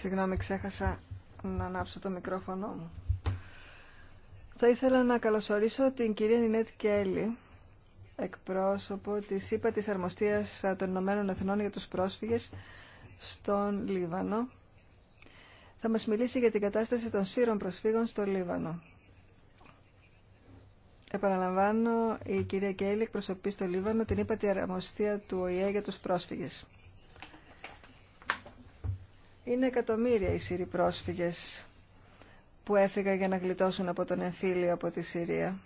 Συγγνώμη, ξέχασα να ανάψω το μικρόφωνο μου. Θα ήθελα να καλωσορίσω την κυρία Νινέτ Κέλλη, εκπρόσωπο της ΥΠΑ της Αρμοστίας των Ηνωμένων Εθνών για τους πρόσφυγες στον Λίβανο. Θα μας μιλήσει για την κατάσταση των σύρων προσφύγων στο Λίβανο. Επαναλαμβάνω, η κυρία Κέλλη εκπροσωπεί στο Λίβανο την της αρμοστία του ΟΗΕ για τους πρόσφυγες. Είναι εκατομμύρια οι Σύριοι πρόσφυγες που έφυγαν για να γλιτώσουν από τον εμφύλιο από τη Συρία.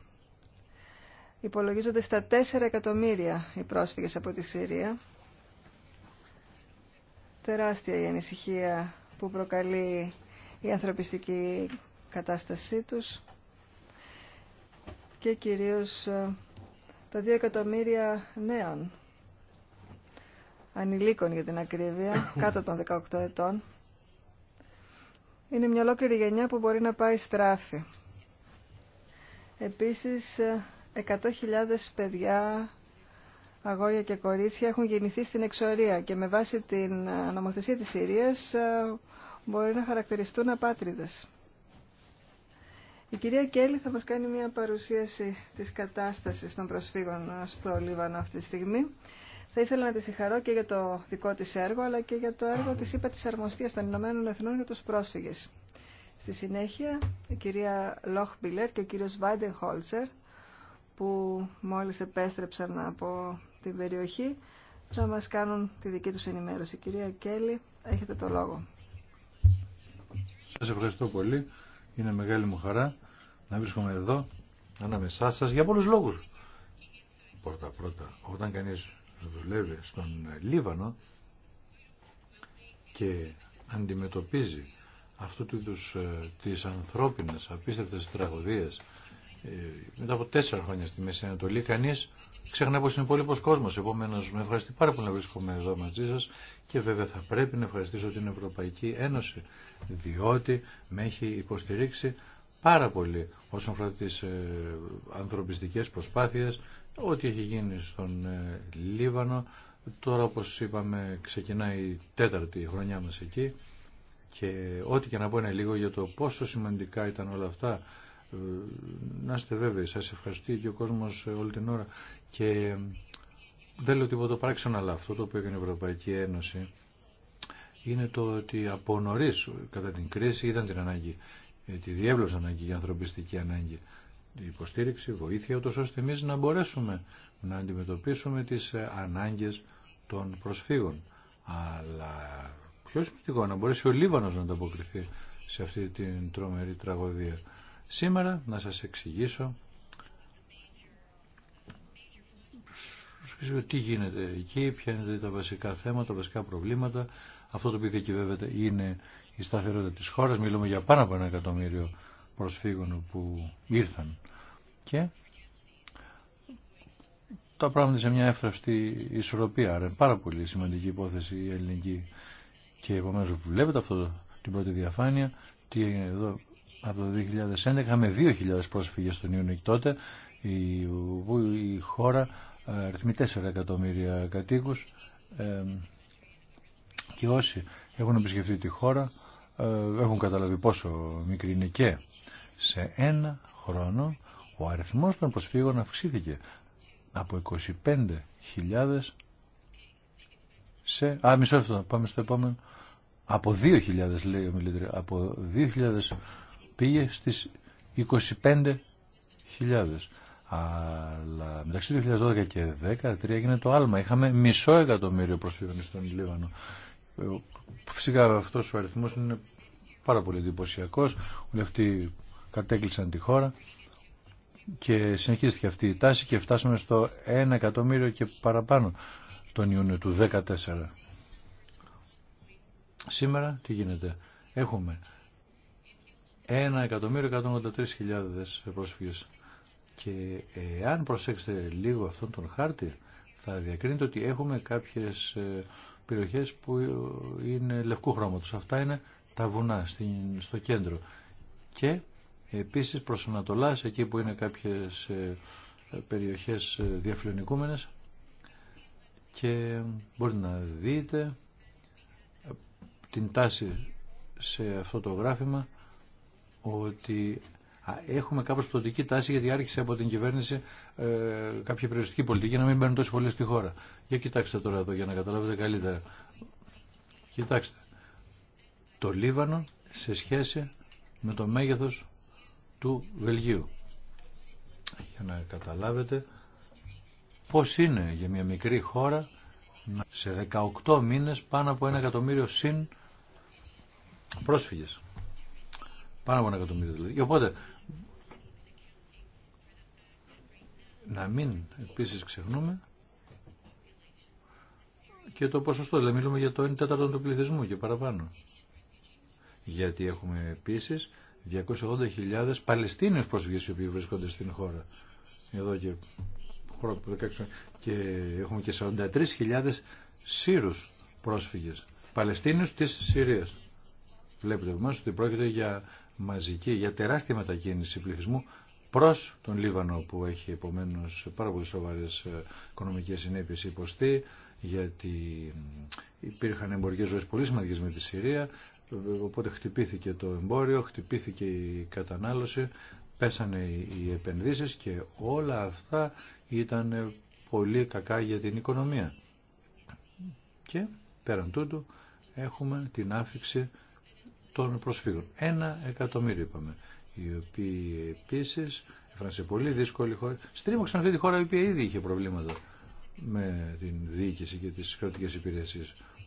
Υπολογίζονται στα 4 εκατομμύρια οι πρόσφυγες από τη Συρία. Τεράστια η ανησυχία που προκαλεί η ανθρωπιστική κατάστασή τους και κυρίως ε, τα 2 εκατομμύρια νέων ανηλίκων για την ακρίβεια, κάτω των 18 ετών. Είναι μια ολόκληρη γενιά που μπορεί να πάει στράφη. Επίσης, 100.000 παιδιά, αγόρια και κορίτσια έχουν γεννηθεί στην εξορία και με βάση την ε, νομοθεσία της Συρίας ε, μπορεί να χαρακτηριστούν απάτριδες. Η κυρία Κέλλη θα μας κάνει μια παρουσίαση της κατάστασης των προσφύγων ε, στο Λίβανο αυτή τη στιγμή θα ήθελα να τη συγχαρώ και για το δικό της έργο, αλλά και για το έργο της ΥΠΑ της Αρμοστίας των Ηνωμένων Εθνών για τους πρόσφυγες. Στη συνέχεια, η κυρία Λόχ Μπιλερ και ο κύριος Βάιντεν Χόλτσερ που μόλις επέστρεψαν από την περιοχή, θα μας κάνουν τη δική τους ενημέρωση. Κυρία Κέλλη, έχετε το λόγο. Σας ευχαριστώ πολύ. Είναι μεγάλη μου χαρά να βρίσκομαι εδώ, ανάμεσά σας, για πολλούς λόγους. Πρώτα-πρώτα, όταν κανεί δουλεύει στον Λίβανο και αντιμετωπίζει αυτού του είδους ε, τις ανθρώπινες απίστευτες τραγωδίες ε, μετά από τέσσερα χρόνια στη Μέση Ανατολή κανείς ξεχνάει πως είναι υπόλοιπος κόσμος επομένως με ευχαριστεί πάρα πολύ να βρίσκομαι εδώ μαζί σας και βέβαια θα πρέπει να ευχαριστήσω την Ευρωπαϊκή Ένωση διότι με έχει υποστηρίξει πάρα πολύ όσον αφορά τις ε, ανθρωπιστικές προσπάθειες ό,τι έχει γίνει στον ε, Λίβανο. Τώρα όπως είπαμε ξεκινάει η τέταρτη χρονιά μας εκεί και ό,τι και να πω είναι λίγο για το πόσο σημαντικά ήταν όλα αυτά. Ε, να είστε βέβαιοι, σας ευχαριστεί και ο κόσμος όλη την ώρα και ε, δεν λέω τίποτα παράξενο αλλά αυτό το οποίο έκανε η Ευρωπαϊκή Ένωση είναι το ότι από νωρίς κατά την κρίση ήταν την ανάγκη, τη διέβλωση ανάγκη, η ανθρωπιστική ανάγκη υποστήριξη, βοήθεια, ούτως ώστε εμείς να μπορέσουμε να αντιμετωπίσουμε τις ε, ανάγκες των προσφύγων. Αλλά πιο σημαντικό να μπορέσει ο Λίβανος να ανταποκριθεί σε αυτή την τρομερή τραγωδία. Σήμερα να σας εξηγήσω τι γίνεται εκεί, ποια είναι τα βασικά θέματα, τα βασικά προβλήματα. Αυτό το οποίο διακυβεύεται είναι η σταθερότητα της χώρας. Μιλούμε για πάνω από ένα εκατομμύριο προσφύγων που ήρθαν και τα πράγματα σε μια έφραυστη ισορροπία. Άρα πάρα πολύ σημαντική υπόθεση η ελληνική και επομένως βλέπετε αυτό την πρώτη διαφάνεια τι έγινε εδώ από το 2011 είχαμε 2.000 πρόσφυγες στον Ιούνιο τότε η, η χώρα ε, αριθμεί 4 εκατομμύρια κατοίκους ε, και όσοι έχουν επισκεφτεί τη χώρα ε, έχουν καταλάβει πόσο μικρή είναι και σε ένα χρόνο ο αριθμός των προσφύγων αυξήθηκε από 25.000 σε... Α, μισό λεπτό, πάμε στο επόμενο. Από 2.000 λέει ο Μιλήτρη. από 2.000 πήγε στις 25.000. Αλλά μεταξύ 2012 και 2013 έγινε το άλμα. Είχαμε μισό εκατομμύριο προσφύγων στον Λίβανο. Ε, φυσικά αυτός ο αριθμός είναι πάρα πολύ εντυπωσιακό. Όλοι αυτοί κατέκλυσαν τη χώρα και συνεχίστηκε αυτή η τάση και φτάσαμε στο 1 εκατομμύριο και παραπάνω τον Ιούνιο του 2014. Σήμερα τι γίνεται. Έχουμε 1.183.000 πρόσφυγες και αν προσέξετε λίγο αυτόν τον χάρτη θα διακρίνετε ότι έχουμε κάποιες ε, περιοχές που είναι λευκού χρώματος. Αυτά είναι τα βουνά στο κέντρο. Και επίσης προς Ανατολάς, εκεί που είναι κάποιες ε, περιοχές ε, διαφλενικούμενες και μπορείτε να δείτε ε, την τάση σε αυτό το γράφημα ότι έχουμε κάπως πτωτική τάση γιατί άρχισε από την κυβέρνηση ε, κάποια περιοριστική πολιτική να μην μπαίνουν τόσο πολύ στη χώρα. Για κοιτάξτε τώρα εδώ για να καταλάβετε καλύτερα. Κοιτάξτε. Το Λίβανο σε σχέση με το μέγεθος του Βελγίου. Για να καταλάβετε πώς είναι για μια μικρή χώρα σε 18 μήνες πάνω από ένα εκατομμύριο συν πρόσφυγες. Πάνω από ένα εκατομμύριο δηλαδή. Οπότε Να μην επίσης ξεχνούμε και το ποσοστό, δηλαδή μιλούμε για το 1 τέταρτο του πληθυσμού και παραπάνω. Γιατί έχουμε επίσης 280.000 Παλαιστίνιους πρόσφυγες οι οποίοι βρίσκονται στην χώρα. Εδώ και χώρα και έχουμε και 43.000 Σύρους πρόσφυγες. Παλαιστίνιους της Συρίας. Βλέπετε εμάς ότι πρόκειται για μαζική, για τεράστια μετακίνηση πληθυσμού προς τον Λίβανο που έχει επομένως πάρα πολύ σοβαρές ε, οικονομικές συνέπειες υποστεί γιατί υπήρχαν εμπορικές ζωές πολύ σημαντικές με τη Συρία ε, οπότε χτυπήθηκε το εμπόριο, χτυπήθηκε η κατανάλωση, πέσανε οι επενδύσεις και όλα αυτά ήταν πολύ κακά για την οικονομία. Και πέραν τούτου έχουμε την άφηξη των προσφύγων. Ένα εκατομμύριο είπαμε οι οποίοι επίση έφεραν σε πολύ δύσκολη χώρα, στρίμωξαν αυτή τη χώρα η οποία ήδη είχε προβλήματα με την διοίκηση και τι κρατικέ υπηρεσίε.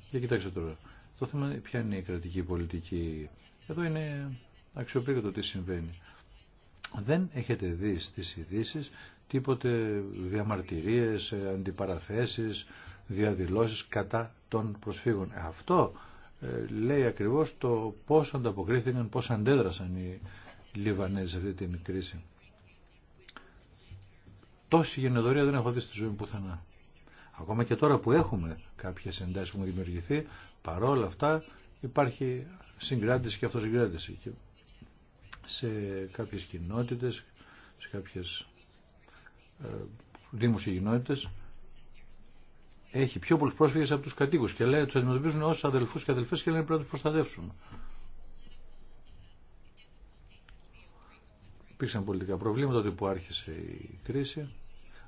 Για κοιτάξτε τώρα, το θέμα ποια είναι η κρατική πολιτική. Εδώ είναι το τι συμβαίνει. Δεν έχετε δει στι ειδήσει τίποτε διαμαρτυρίε, αντιπαραθέσεις, διαδηλώσει κατά των προσφύγων. Αυτό ε, λέει ακριβώς το πώς ανταποκρίθηκαν, πώς αντέδρασαν οι Λιβανέζοι αυτή την κρίση. Τόση γενεδορία δεν έχω δει στη ζωή μου πουθενά. Ακόμα και τώρα που έχουμε κάποιες εντάσεις που έχουν δημιουργηθεί, παρόλα αυτά υπάρχει συγκράτηση και αυτοσυγκράτηση. σε κάποιες κοινότητες, σε κάποιες ε, δήμους και κοινότητες, έχει πιο πολλούς πρόσφυγες από τους κατοίκους και λέει, τους αντιμετωπίζουν ως αδελφούς και αδελφές και λένε πρέπει να τους προστατεύσουν. υπήρξαν πολιτικά προβλήματα τότε που άρχισε η κρίση.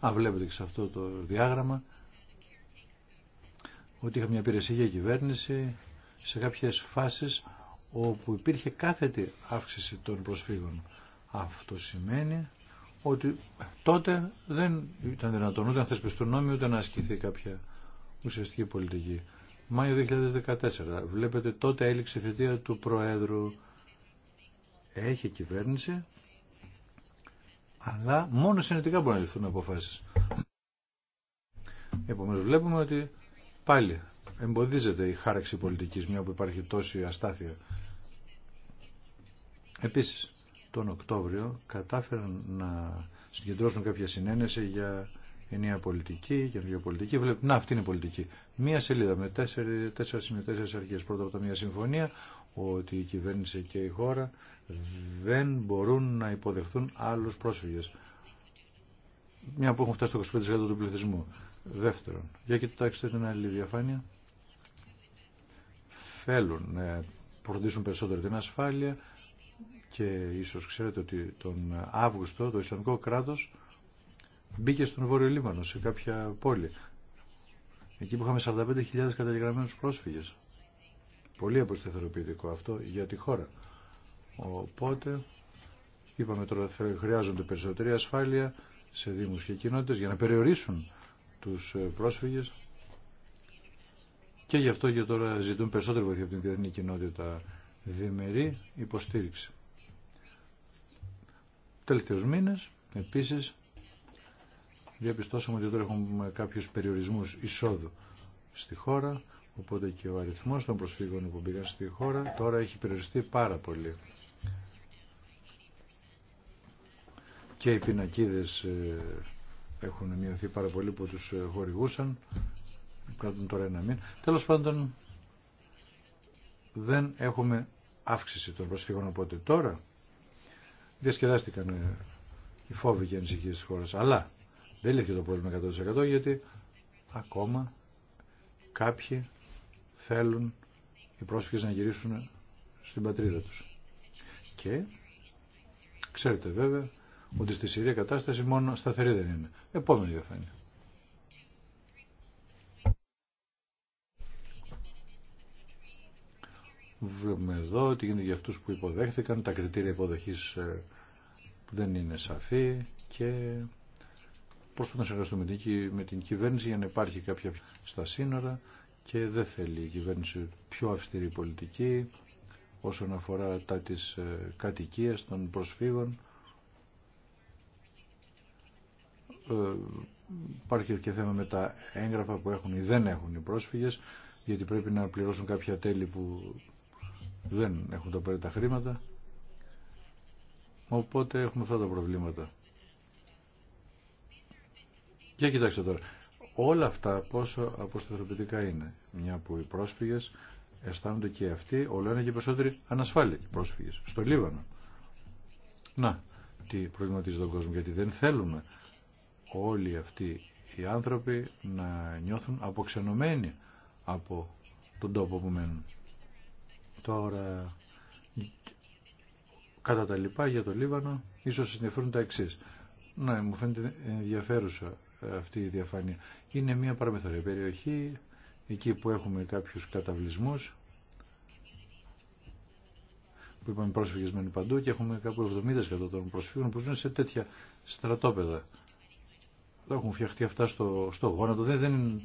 Α βλέπετε και σε αυτό το διάγραμμα ότι είχα μια υπηρεσία για κυβέρνηση σε κάποιες φάσεις όπου υπήρχε κάθετη αύξηση των προσφύγων. Αυτό σημαίνει ότι τότε δεν ήταν δυνατόν ούτε να θεσπιστούν νόμοι ούτε να ασκηθεί κάποια ουσιαστική πολιτική. Μάιο 2014. Βλέπετε τότε έληξε η θητεία του Προέδρου. Έχει κυβέρνηση αλλά μόνο συνετικά μπορούν να ληφθούν αποφάσεις. Επομένως βλέπουμε ότι πάλι εμποδίζεται η χάραξη πολιτικής μια που υπάρχει τόση αστάθεια. Επίσης, τον Οκτώβριο κατάφεραν να συγκεντρώσουν κάποια συνένεση για ενιαία πολιτική, για πολιτική. Βλέπουμε, να αυτή είναι η πολιτική. Μία σελίδα με τέσσερι, τέσσερις αρχές. Πρώτα από τα μία συμφωνία ότι η κυβέρνηση και η χώρα δεν μπορούν να υποδεχθούν άλλους πρόσφυγες. Μια που έχουν φτάσει στο 25% του πληθυσμού. Δεύτερον, για κοιτάξτε την άλλη διαφάνεια. Θέλουν να προντήσουν περισσότερο την ασφάλεια και ίσως ξέρετε ότι τον Αύγουστο το Ισλαμικό κράτος μπήκε στον Βόρειο Λίμανο σε κάποια πόλη. Εκεί που είχαμε 45.000 καταγεγραμμένους πρόσφυγες. Πολύ αποστεθεροποιητικό αυτό για τη χώρα. Οπότε, είπαμε τώρα, χρειάζονται περισσότερη ασφάλεια σε δήμους και κοινότητες για να περιορίσουν τους ε, πρόσφυγες και γι' αυτό και τώρα ζητούν περισσότερη βοήθεια από την διεθνή κοινότητα διμερή υποστήριξη. Τελευταίους μήνες, επίσης, διαπιστώσαμε ότι τώρα έχουμε κάποιους περιορισμούς εισόδου στη χώρα, Οπότε και ο αριθμός των προσφύγων που πήγαν στη χώρα τώρα έχει περιοριστεί πάρα πολύ. Και οι πινακίδες ε, έχουν μειωθεί πάρα πολύ που τους ε, χορηγούσαν. Κάτουν τώρα ένα μήνα. Τέλος πάντων δεν έχουμε αύξηση των προσφύγων. Οπότε τώρα διασκεδάστηκαν ε, οι φόβοι και ανησυχίε της χώρας. Αλλά δεν λύθηκε το πρόβλημα 100% γιατί ακόμα κάποιοι θέλουν οι πρόσφυγες να γυρίσουν στην πατρίδα τους. Και ξέρετε βέβαια ότι στη Συρία κατάσταση μόνο σταθερή δεν είναι. Επόμενη διαφάνεια. Βλέπουμε εδώ τι γίνεται για αυτούς που υποδέχθηκαν, τα κριτήρια υποδοχής που ε, δεν είναι σαφή και πώς θα συνεργαστούμε με την κυβέρνηση για να υπάρχει κάποια στα σύνορα και δεν θέλει η κυβέρνηση πιο αυστηρή πολιτική όσον αφορά τα της ε, κατοικίας των προσφύγων. Ε, υπάρχει και θέμα με τα έγγραφα που έχουν ή δεν έχουν οι πρόσφυγες γιατί πρέπει να πληρώσουν κάποια τέλη που δεν έχουν τα πέρα τα χρήματα. Οπότε έχουμε αυτά τα προβλήματα. Για κοιτάξτε τώρα όλα αυτά πόσο αποσταθεροποιητικά είναι. Μια που οι πρόσφυγες αισθάνονται και αυτοί όλο ένα και περισσότεροι ανασφάλεια οι πρόσφυγες στο Λίβανο. Να, τι προβληματίζει τον κόσμο γιατί δεν θέλουμε όλοι αυτοί οι άνθρωποι να νιώθουν αποξενωμένοι από τον τόπο που μένουν. Τώρα, κατά τα λοιπά για το Λίβανο, ίσως ενδιαφέρουν τα εξή. Ναι, μου φαίνεται ενδιαφέρουσα αυτή η διαφάνεια. Είναι μια παραμεθορία περιοχή, εκεί που έχουμε κάποιους καταβλισμούς, που είπαμε πρόσφυγες μένουν παντού και έχουμε κάπου 70% των προσφύγων που ζουν σε τέτοια στρατόπεδα. Τα έχουν φτιαχτεί αυτά στο, στο γόνατο, δεν, δεν,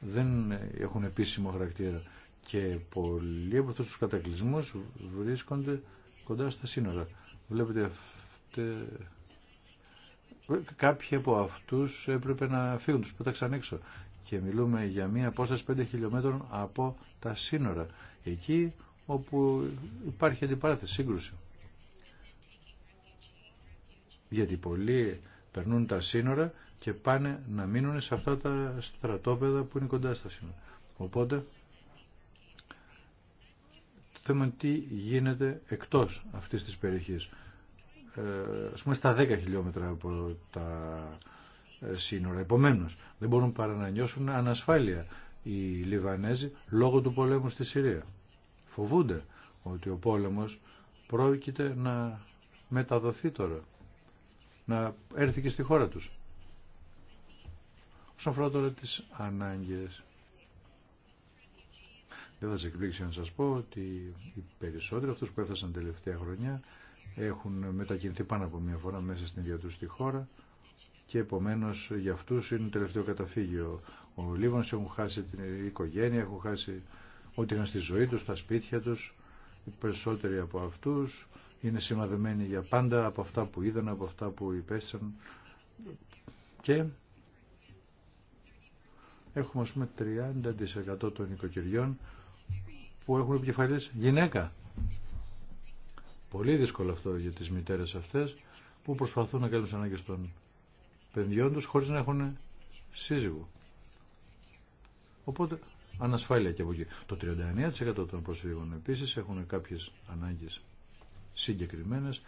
δεν έχουν επίσημο χαρακτήρα. Και πολλοί από αυτούς τους κατακλυσμούς βρίσκονται κοντά στα σύνορα. Βλέπετε κάποιοι από αυτού έπρεπε να φύγουν, τους πέταξαν έξω. Και μιλούμε για μία απόσταση 5 χιλιόμετρων από τα σύνορα. Εκεί όπου υπάρχει αντιπαράθεση, σύγκρουση. Γιατί πολλοί περνούν τα σύνορα και πάνε να μείνουν σε αυτά τα στρατόπεδα που είναι κοντά στα σύνορα. Οπότε, το θέμα είναι τι γίνεται εκτός αυτής της περιοχής. Ε, ας πούμε στα 10 χιλιόμετρα από τα ε, σύνορα. επομένω. δεν μπορούν παρά να νιώσουν ανασφάλεια οι Λιβανέζοι λόγω του πολέμου στη Συρία. Φοβούνται ότι ο πόλεμος πρόκειται να μεταδοθεί τώρα, να έρθει και στη χώρα τους. Όσον αφορά τώρα τις ανάγκες, δεν θα σας εκπλήξει να σας πω ότι οι περισσότεροι αυτούς που έφτασαν τελευταία χρονιά έχουν μετακινηθεί πάνω από μια φορά μέσα στην ίδια τους τη χώρα και επομένως για αυτούς είναι το τελευταίο καταφύγιο. Ο Λίβανος έχουν χάσει την οικογένεια, έχουν χάσει ό,τι είχαν στη ζωή τους, τα σπίτια τους. Οι περισσότεροι από αυτούς είναι σημαδεμένοι για πάντα από αυτά που είδαν, από αυτά που υπέστησαν και έχουμε ας πούμε 30% των οικοκυριών που έχουν επικεφαλής γυναίκα. Πολύ δύσκολο αυτό για τις μητέρες αυτές που προσπαθούν να κάνουν τις ανάγκες των παιδιών τους χωρίς να έχουν σύζυγο. Οπότε ανασφάλεια και από εκεί. Το 39% των προσφύγων επίσης έχουν κάποιες ανάγκες συγκεκριμένες.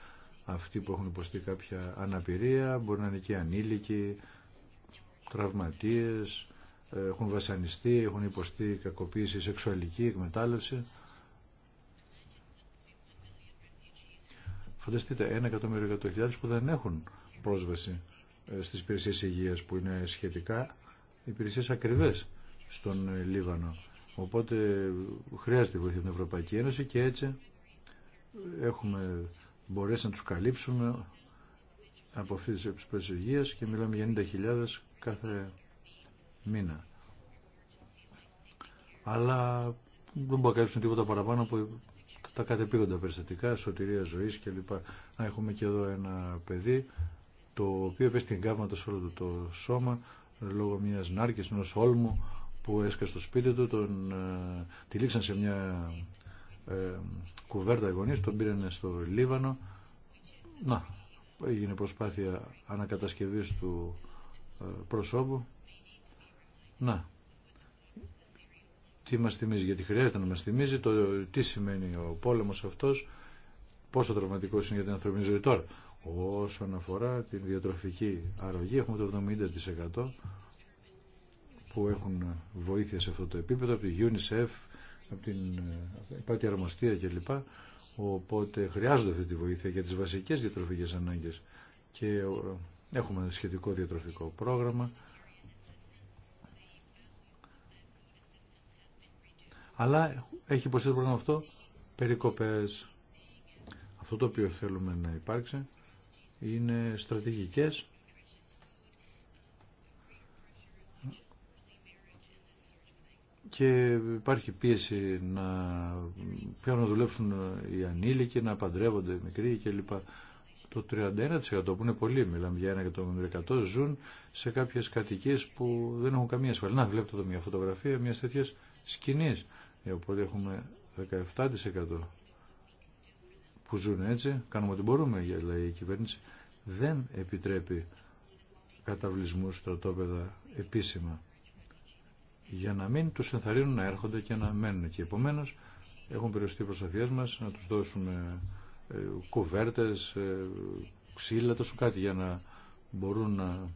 Αυτοί που έχουν υποστεί κάποια αναπηρία μπορεί να είναι και ανήλικοι, τραυματίες, ε, έχουν βασανιστεί, έχουν υποστεί κακοποίηση, σεξουαλική εκμετάλλευση. Φανταστείτε, ένα εκατομμύριο που δεν έχουν πρόσβαση ε, στις υπηρεσίες υγείας που είναι σχετικά υπηρεσίες ακριβές στον ε, Λίβανο. Οπότε ε, χρειάζεται βοήθεια από την Ευρωπαϊκή Ένωση και έτσι έχουμε μπορέσει να τους καλύψουμε από αυτή τις υπηρεσίες υγείας και μιλάμε για 90.000 κάθε μήνα. Αλλά δεν μπορούμε να καλύψουν τίποτα παραπάνω από τα κατεπήγοντα περιστατικά, σωτηρία ζωής κλπ. Να έχουμε και εδώ ένα παιδί το οποίο έπεσε την σε όλο το σώμα λόγω μιας νάρκης, ενό όλμου που έσκασε στο σπίτι του, τον ε, σε μια ε, κουβέρτα γονεί, τον πήραν στο Λίβανο. Να, έγινε προσπάθεια ανακατασκευής του ε, προσώπου. Να, τι μας θυμίζει, γιατί χρειάζεται να μας θυμίζει το τι σημαίνει ο πόλεμος αυτός, πόσο τραυματικός είναι για την ανθρωπινή ζωή τώρα. Όσον αφορά τη διατροφική αρρωγή, έχουμε το 70% που έχουν βοήθεια σε αυτό το επίπεδο, από τη UNICEF, από την ε, Πάτη Αρμοστία κλπ. Οπότε χρειάζονται αυτή τη βοήθεια για τις βασικές διατροφικές ανάγκες και ε, έχουμε σχετικό διατροφικό πρόγραμμα αλλά έχει υποστεί το πρόγραμμα αυτό περικοπές. Αυτό το οποίο θέλουμε να υπάρξει είναι στρατηγικές και υπάρχει πίεση να πιάνουν να δουλέψουν οι ανήλικοι, να παντρεύονται οι μικροί κλπ. Το 31% που είναι πολύ, μιλάμε για το εκατομμύριο ζουν σε κάποιες κατοικίες που δεν έχουν καμία ασφαλή. Να βλέπετε εδώ μια φωτογραφία μια τέτοια σκηνής. Ε, οπότε έχουμε 17% που ζουν έτσι, κάνουμε ό,τι μπορούμε, λέει η κυβέρνηση, δεν επιτρέπει καταβλισμούς στρατόπεδα επίσημα για να μην τους ενθαρρύνουν να έρχονται και να μένουν και επομένως έχουν περιοριστεί προσπαθειές μας να τους δώσουμε ε, κουβέρτες, ε, ξύλα, τόσο κάτι για να μπορούν να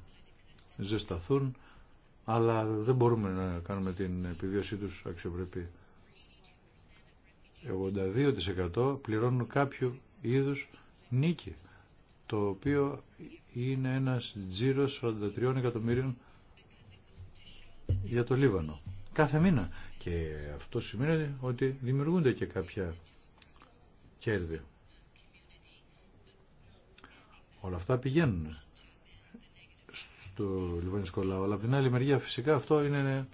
ζεσταθούν αλλά δεν μπορούμε να κάνουμε την επιβίωσή τους αξιοπρεπή. 82% πληρώνουν κάποιο είδους νίκη, το οποίο είναι ένας τζίρος 43 εκατομμυρίων για το Λίβανο. Κάθε μήνα. Και αυτό σημαίνει ότι δημιουργούνται και κάποια κέρδη. Όλα αυτά πηγαίνουν στο λιβανισκό λαό. Αλλά από την άλλη μεριά φυσικά αυτό είναι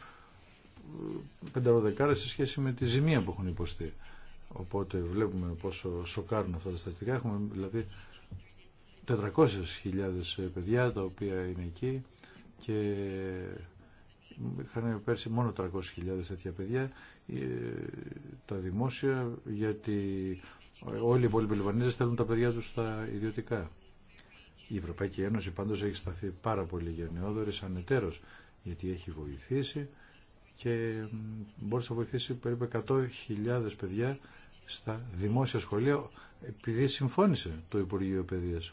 πενταροδεκάρα σε σχέση με τη ζημία που έχουν υποστεί. Οπότε βλέπουμε πόσο σοκάρουν αυτά τα στατιστικά. Έχουμε δηλαδή 400.000 ε, παιδιά τα οποία είναι εκεί και είχαν πέρσι μόνο 300.000 τέτοια παιδιά ε, τα δημόσια γιατί όλοι οι υπόλοιποι θέλουν τα παιδιά τους στα ιδιωτικά. Η Ευρωπαϊκή Ένωση πάντως έχει σταθεί πάρα πολύ γενναιόδορη σαν εταίρος γιατί έχει βοηθήσει και μπορείς να βοηθήσει περίπου 100.000 παιδιά στα δημόσια σχολεία επειδή συμφώνησε το Υπουργείο Παιδείας.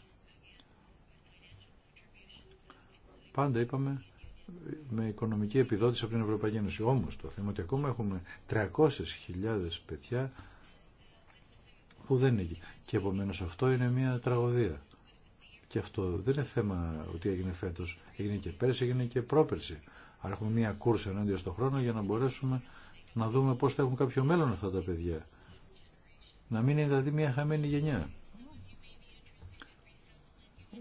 Πάντα είπαμε ε, με οικονομική επιδότηση από την Ευρωπαϊκή Ένωση. Όμως το θέμα ότι ακόμα έχουμε 300.000 παιδιά που δεν έχει. Και επομένως αυτό είναι μια τραγωδία. Και αυτό δεν είναι θέμα ότι έγινε φέτος. Έγινε και πέρσι, έγινε και πρόπερσι. Αλλά έχουμε μία κούρση ενάντια στον χρόνο για να μπορέσουμε να δούμε πώς θα έχουν κάποιο μέλλον αυτά τα παιδιά. Να μην είναι δηλαδή μία χαμένη γενιά.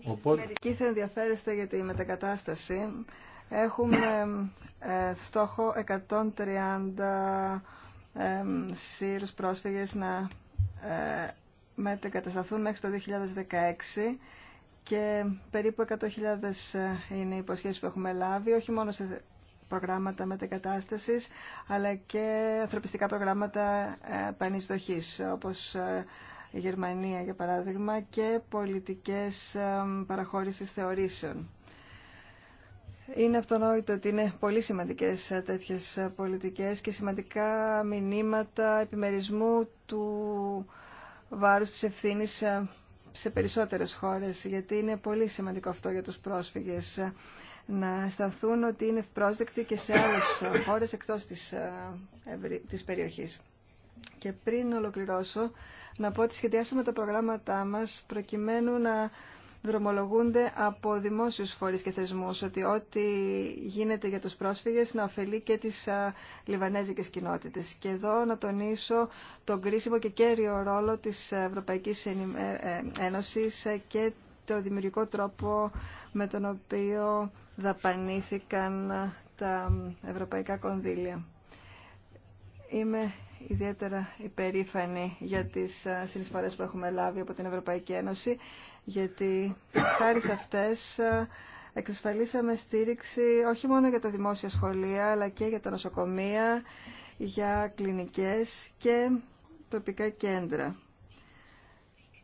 Οπότε... Μερικοί θα ενδιαφέρεστε για τη μετακατάσταση. Έχουμε ε, στόχο 130 ε, σύρους πρόσφυγες να ε, μετακατασταθούν μέχρι το 2016 και περίπου 100.000 είναι οι υποσχέσεις που έχουμε λάβει, όχι μόνο σε προγράμματα μετεκατάστασης, αλλά και ανθρωπιστικά προγράμματα ε, πανειστοχής, όπως ε, η Γερμανία για παράδειγμα, και πολιτικές ε, παραχώρησης θεωρήσεων. Είναι αυτονόητο ότι είναι πολύ σημαντικές τέτοιες πολιτικές και σημαντικά μηνύματα επιμερισμού του βάρους της ευθύνης σε περισσότερες χώρες, γιατί είναι πολύ σημαντικό αυτό για τους πρόσφυγες ε, να αισθανθούν ότι είναι πρόσδεκτοι και σε άλλες χώρες εκτός της, ε, της περιοχής. Και πριν ολοκληρώσω, να πω ότι σχεδιάσαμε τα προγράμματά μας προκειμένου να δρομολογούνται από δημόσιους φορείς και θεσμούς, ότι ό,τι γίνεται για τους πρόσφυγες να ωφελεί και τις λιβανέζικες κοινότητες. Και εδώ να τονίσω τον κρίσιμο και κέριο ρόλο της Ευρωπαϊκής ε, ε, Ένωσης και το δημιουργικό τρόπο με τον οποίο δαπανήθηκαν τα ευρωπαϊκά κονδύλια. Είμαι ιδιαίτερα υπερήφανοι για τις ε, συνεισφορές που έχουμε λάβει από την Ευρωπαϊκή Ένωση, γιατί χάρη σε αυτές ε, εξασφαλίσαμε στήριξη όχι μόνο για τα δημόσια σχολεία, αλλά και για τα νοσοκομεία, για κλινικές και τοπικά κέντρα.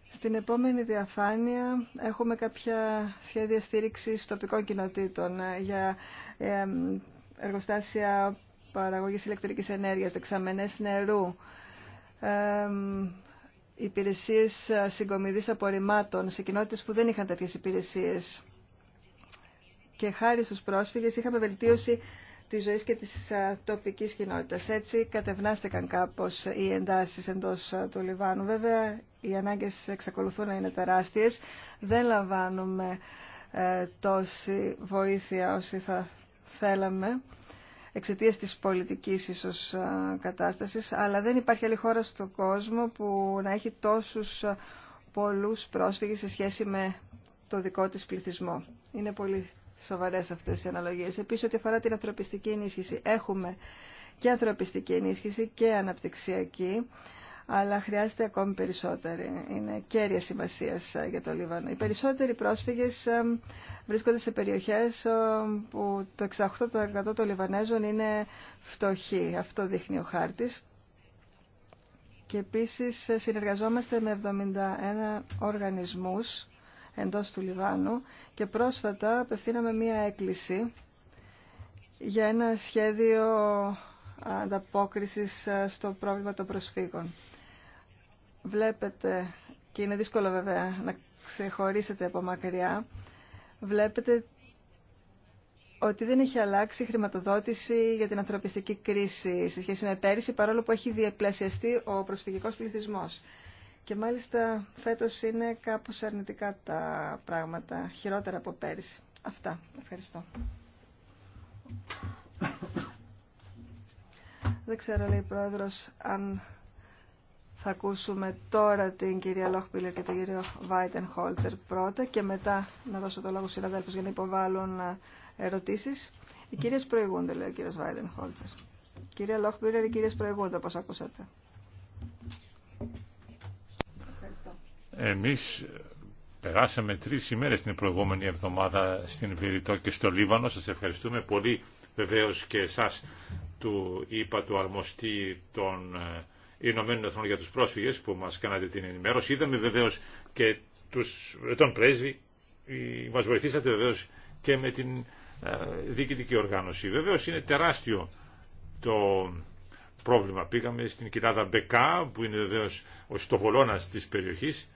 Στην επόμενη διαφάνεια έχουμε κάποια σχέδια στήριξης τοπικών κοινοτήτων ε, για εργοστάσια παραγωγής ηλεκτρικής ενέργειας, δεξαμενές νερού, υπηρεσίες συγκομιδής απορριμμάτων σε κοινότητες που δεν είχαν τέτοιες υπηρεσίες. Και χάρη στους πρόσφυγες είχαμε βελτίωση της ζωής και της τοπικής κοινότητας. Έτσι κατευνάστηκαν κάπως οι εντάσεις εντός του Λιβάνου. Βέβαια οι ανάγκες εξακολουθούν να είναι τεράστιες. Δεν λαμβάνουμε ε, τόση βοήθεια όσοι θα θέλαμε εξαιτία της πολιτικής ίσω κατάστασης, αλλά δεν υπάρχει άλλη χώρα στον κόσμο που να έχει τόσους πολλούς πρόσφυγες σε σχέση με το δικό της πληθυσμό. Είναι πολύ σοβαρέ αυτές οι αναλογίες. Επίσης, ό,τι αφορά την ανθρωπιστική ενίσχυση, έχουμε και ανθρωπιστική ενίσχυση και αναπτυξιακή αλλά χρειάζεται ακόμη περισσότερη. Είναι κέρια σημασία ε, για το Λίβανο. Οι περισσότεροι πρόσφυγε ε, βρίσκονται σε περιοχέ ε, που το 68% των Λιβανέζων είναι φτωχοί. Αυτό δείχνει ο χάρτη. Και επίση συνεργαζόμαστε με 71 οργανισμού εντό του Λιβάνου και πρόσφατα απευθύναμε μία έκκληση για ένα σχέδιο ανταπόκρισης στο πρόβλημα των προσφύγων βλέπετε, και είναι δύσκολο βέβαια να ξεχωρίσετε από μακριά, βλέπετε ότι δεν έχει αλλάξει η χρηματοδότηση για την ανθρωπιστική κρίση σε σχέση με πέρυσι, παρόλο που έχει διαπλασιαστεί ο προσφυγικός πληθυσμός. Και μάλιστα φέτος είναι κάπως αρνητικά τα πράγματα, χειρότερα από πέρυσι. Αυτά. Ευχαριστώ. Δεν ξέρω, λέει αν θα ακούσουμε τώρα την κυρία Λόχπιλερ και τον κύριο Βάιτεν Χόλτσερ πρώτα και μετά να δώσω το λόγο στους για να υποβάλουν ε, ερωτήσεις. Οι κυρίες προηγούνται, λέει ο κύριος Βάιτεν Χόλτσερ. Κυρία Λόχπιλερ, οι κυρίες προηγούνται, όπως ακούσατε. Εμείς ε, περάσαμε τρεις ημέρες την προηγούμενη εβδομάδα στην Βηρητό και στο Λίβανο. Σας ευχαριστούμε πολύ βεβαίως και εσάς του είπα του αρμοστή των ε, Ηνωμένων Εθνών για τους πρόσφυγες που μας κάνατε την ενημέρωση. Είδαμε βεβαίως και τους, τον πρέσβη, μας βοηθήσατε βεβαίως και με την ε, διοικητική οργάνωση. Βεβαίως είναι τεράστιο το πρόβλημα. Πήγαμε στην κοιλάδα Μπεκά που είναι βεβαίως ο στοβολώνας της περιοχής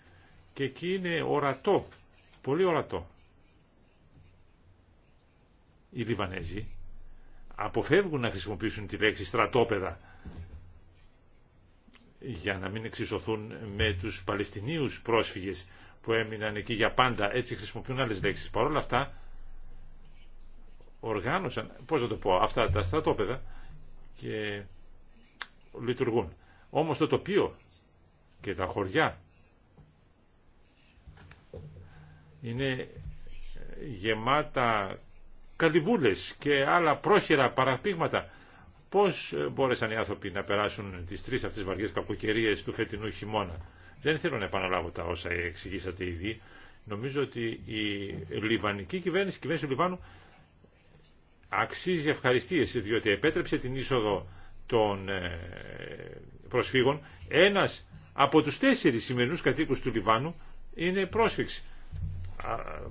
και εκεί είναι ορατό, πολύ ορατό. Οι Λιβανέζοι αποφεύγουν να χρησιμοποιήσουν τη λέξη στρατόπεδα για να μην εξισωθούν με τους Παλαιστινίους πρόσφυγες που έμειναν εκεί για πάντα, έτσι χρησιμοποιούν άλλες λέξεις. Παρ' όλα αυτά οργάνωσαν, πώς να το πω, αυτά τα στρατόπεδα και λειτουργούν. Όμως το τοπίο και τα χωριά είναι γεμάτα καλυβούλες και άλλα πρόχειρα παραπήγματα Πώς ε, μπόρεσαν οι άνθρωποι να περάσουν τις τρεις αυτές βαριές κακοκαιρίες του φετινού χειμώνα. Δεν θέλω να επαναλάβω τα όσα εξηγήσατε ήδη. Νομίζω ότι η λιβανική κυβέρνηση, η κυβέρνηση του Λιβάνου αξίζει ευχαριστίες διότι επέτρεψε την είσοδο των ε, προσφύγων. Ένας από τους τέσσερις σημερινούς κατοίκους του Λιβάνου είναι πρόσφυξη.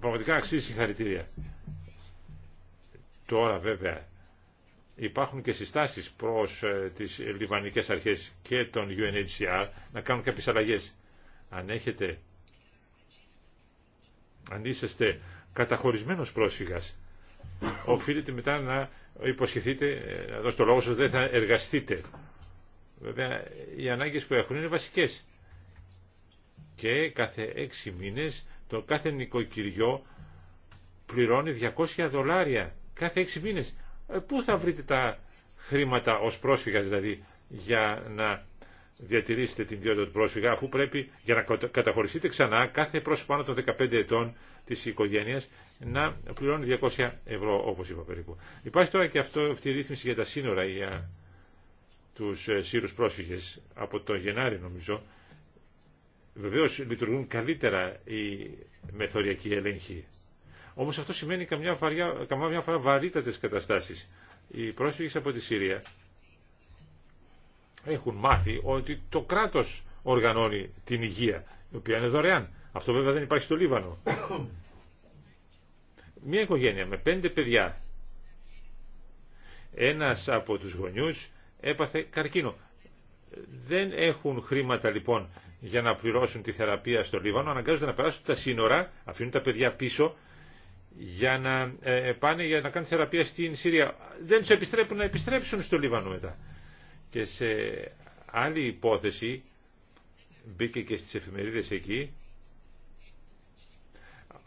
Πραγματικά αξίζει συγχαρητήρια. Τώρα βέβαια Υπάρχουν και συστάσεις προς ε, τις λιβανικές αρχές και τον UNHCR να κάνουν κάποιες αλλαγές. Αν έχετε, αν είσαστε καταχωρισμένος πρόσφυγας, οφείλετε μετά να υποσχεθείτε, ε, να δώσετε το λόγο σας δεν θα εργαστείτε. Βέβαια, οι ανάγκες που έχουν είναι βασικές. Και κάθε έξι μήνες το κάθε νοικοκυριό πληρώνει 200 δολάρια κάθε έξι μήνες. Ε, πού θα βρείτε τα χρήματα ως πρόσφυγας δηλαδή για να διατηρήσετε την ιδιότητα του πρόσφυγα αφού πρέπει για να καταχωριστείτε ξανά κάθε πρόσωπο πάνω των 15 ετών της οικογένειας να πληρώνει 200 ευρώ όπως είπα περίπου. Υπάρχει τώρα και αυτό, αυτή η ρύθμιση για τα σύνορα για τους ε, σύρους πρόσφυγες από το Γενάρη νομίζω. Βεβαίως λειτουργούν καλύτερα οι μεθοριακοί έλεγχοι όμως αυτό σημαίνει καμιά, βαριά, καμιά φορά βαρύτατες καταστάσεις. Οι πρόσφυγες από τη Συρία έχουν μάθει ότι το κράτος οργανώνει την υγεία, η οποία είναι δωρεάν. Αυτό βέβαια δεν υπάρχει στο Λίβανο. Μία οικογένεια με πέντε παιδιά. Ένας από τους γονιούς έπαθε καρκίνο. Δεν έχουν χρήματα λοιπόν για να πληρώσουν τη θεραπεία στο Λίβανο, αναγκάζονται να περάσουν τα σύνορα, αφήνουν τα παιδιά πίσω για να ε, ε, πάνε για να κάνουν θεραπεία στην Συρία. Δεν του επιστρέπουν να επιστρέψουν στο Λίβανο μετά. Και σε άλλη υπόθεση μπήκε και στις εφημερίδες εκεί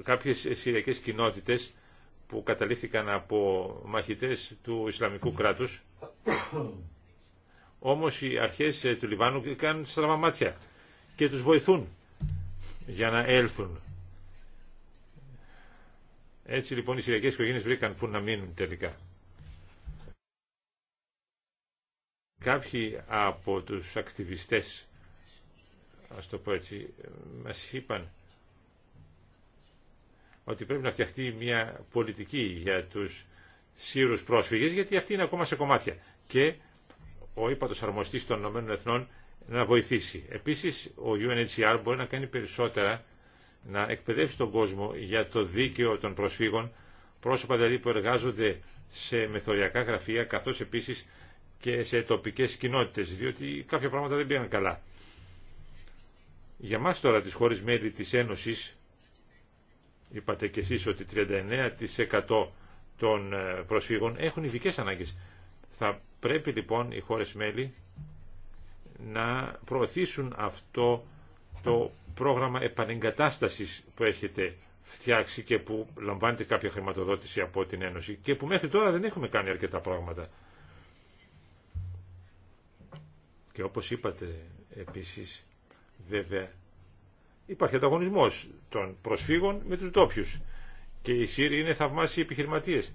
κάποιες συριακές κοινότητες που καταλήφθηκαν από μαχητές του Ισλαμικού κράτους όμως οι αρχές ε, του Λιβάνου κάνουν στραβά και τους βοηθούν για να έλθουν έτσι λοιπόν οι Συριακές οικογένειες βρήκαν που να μείνουν τελικά. Κάποιοι από τους ακτιβιστές, ας το πω έτσι, μας είπαν ότι πρέπει να φτιαχτεί μια πολιτική για τους Σύρους πρόσφυγες, γιατί αυτοί είναι ακόμα σε κομμάτια. Και ο ύπατος αρμοστής των ΗΕ να βοηθήσει. Επίσης, ο UNHCR μπορεί να κάνει περισσότερα να εκπαιδεύσει τον κόσμο για το δίκαιο των προσφύγων, πρόσωπα δηλαδή που εργάζονται σε μεθοριακά γραφεία, καθώς επίσης και σε τοπικές κοινότητες, διότι κάποια πράγματα δεν πήγαν καλά. Για μας τώρα τις χώρες μέλη της Ένωσης, είπατε και εσείς ότι 39% των ε, προσφύγων έχουν ειδικέ ανάγκες. Θα πρέπει λοιπόν οι χώρες μέλη να προωθήσουν αυτό το πρόγραμμα επανεγκατάστασης που έχετε φτιάξει και που λαμβάνετε κάποια χρηματοδότηση από την Ένωση και που μέχρι τώρα δεν έχουμε κάνει αρκετά πράγματα. Και όπως είπατε επίσης, βέβαια, υπάρχει ανταγωνισμός των προσφύγων με τους ντόπιου. Και οι Σύριοι είναι θαυμάσιοι επιχειρηματίες.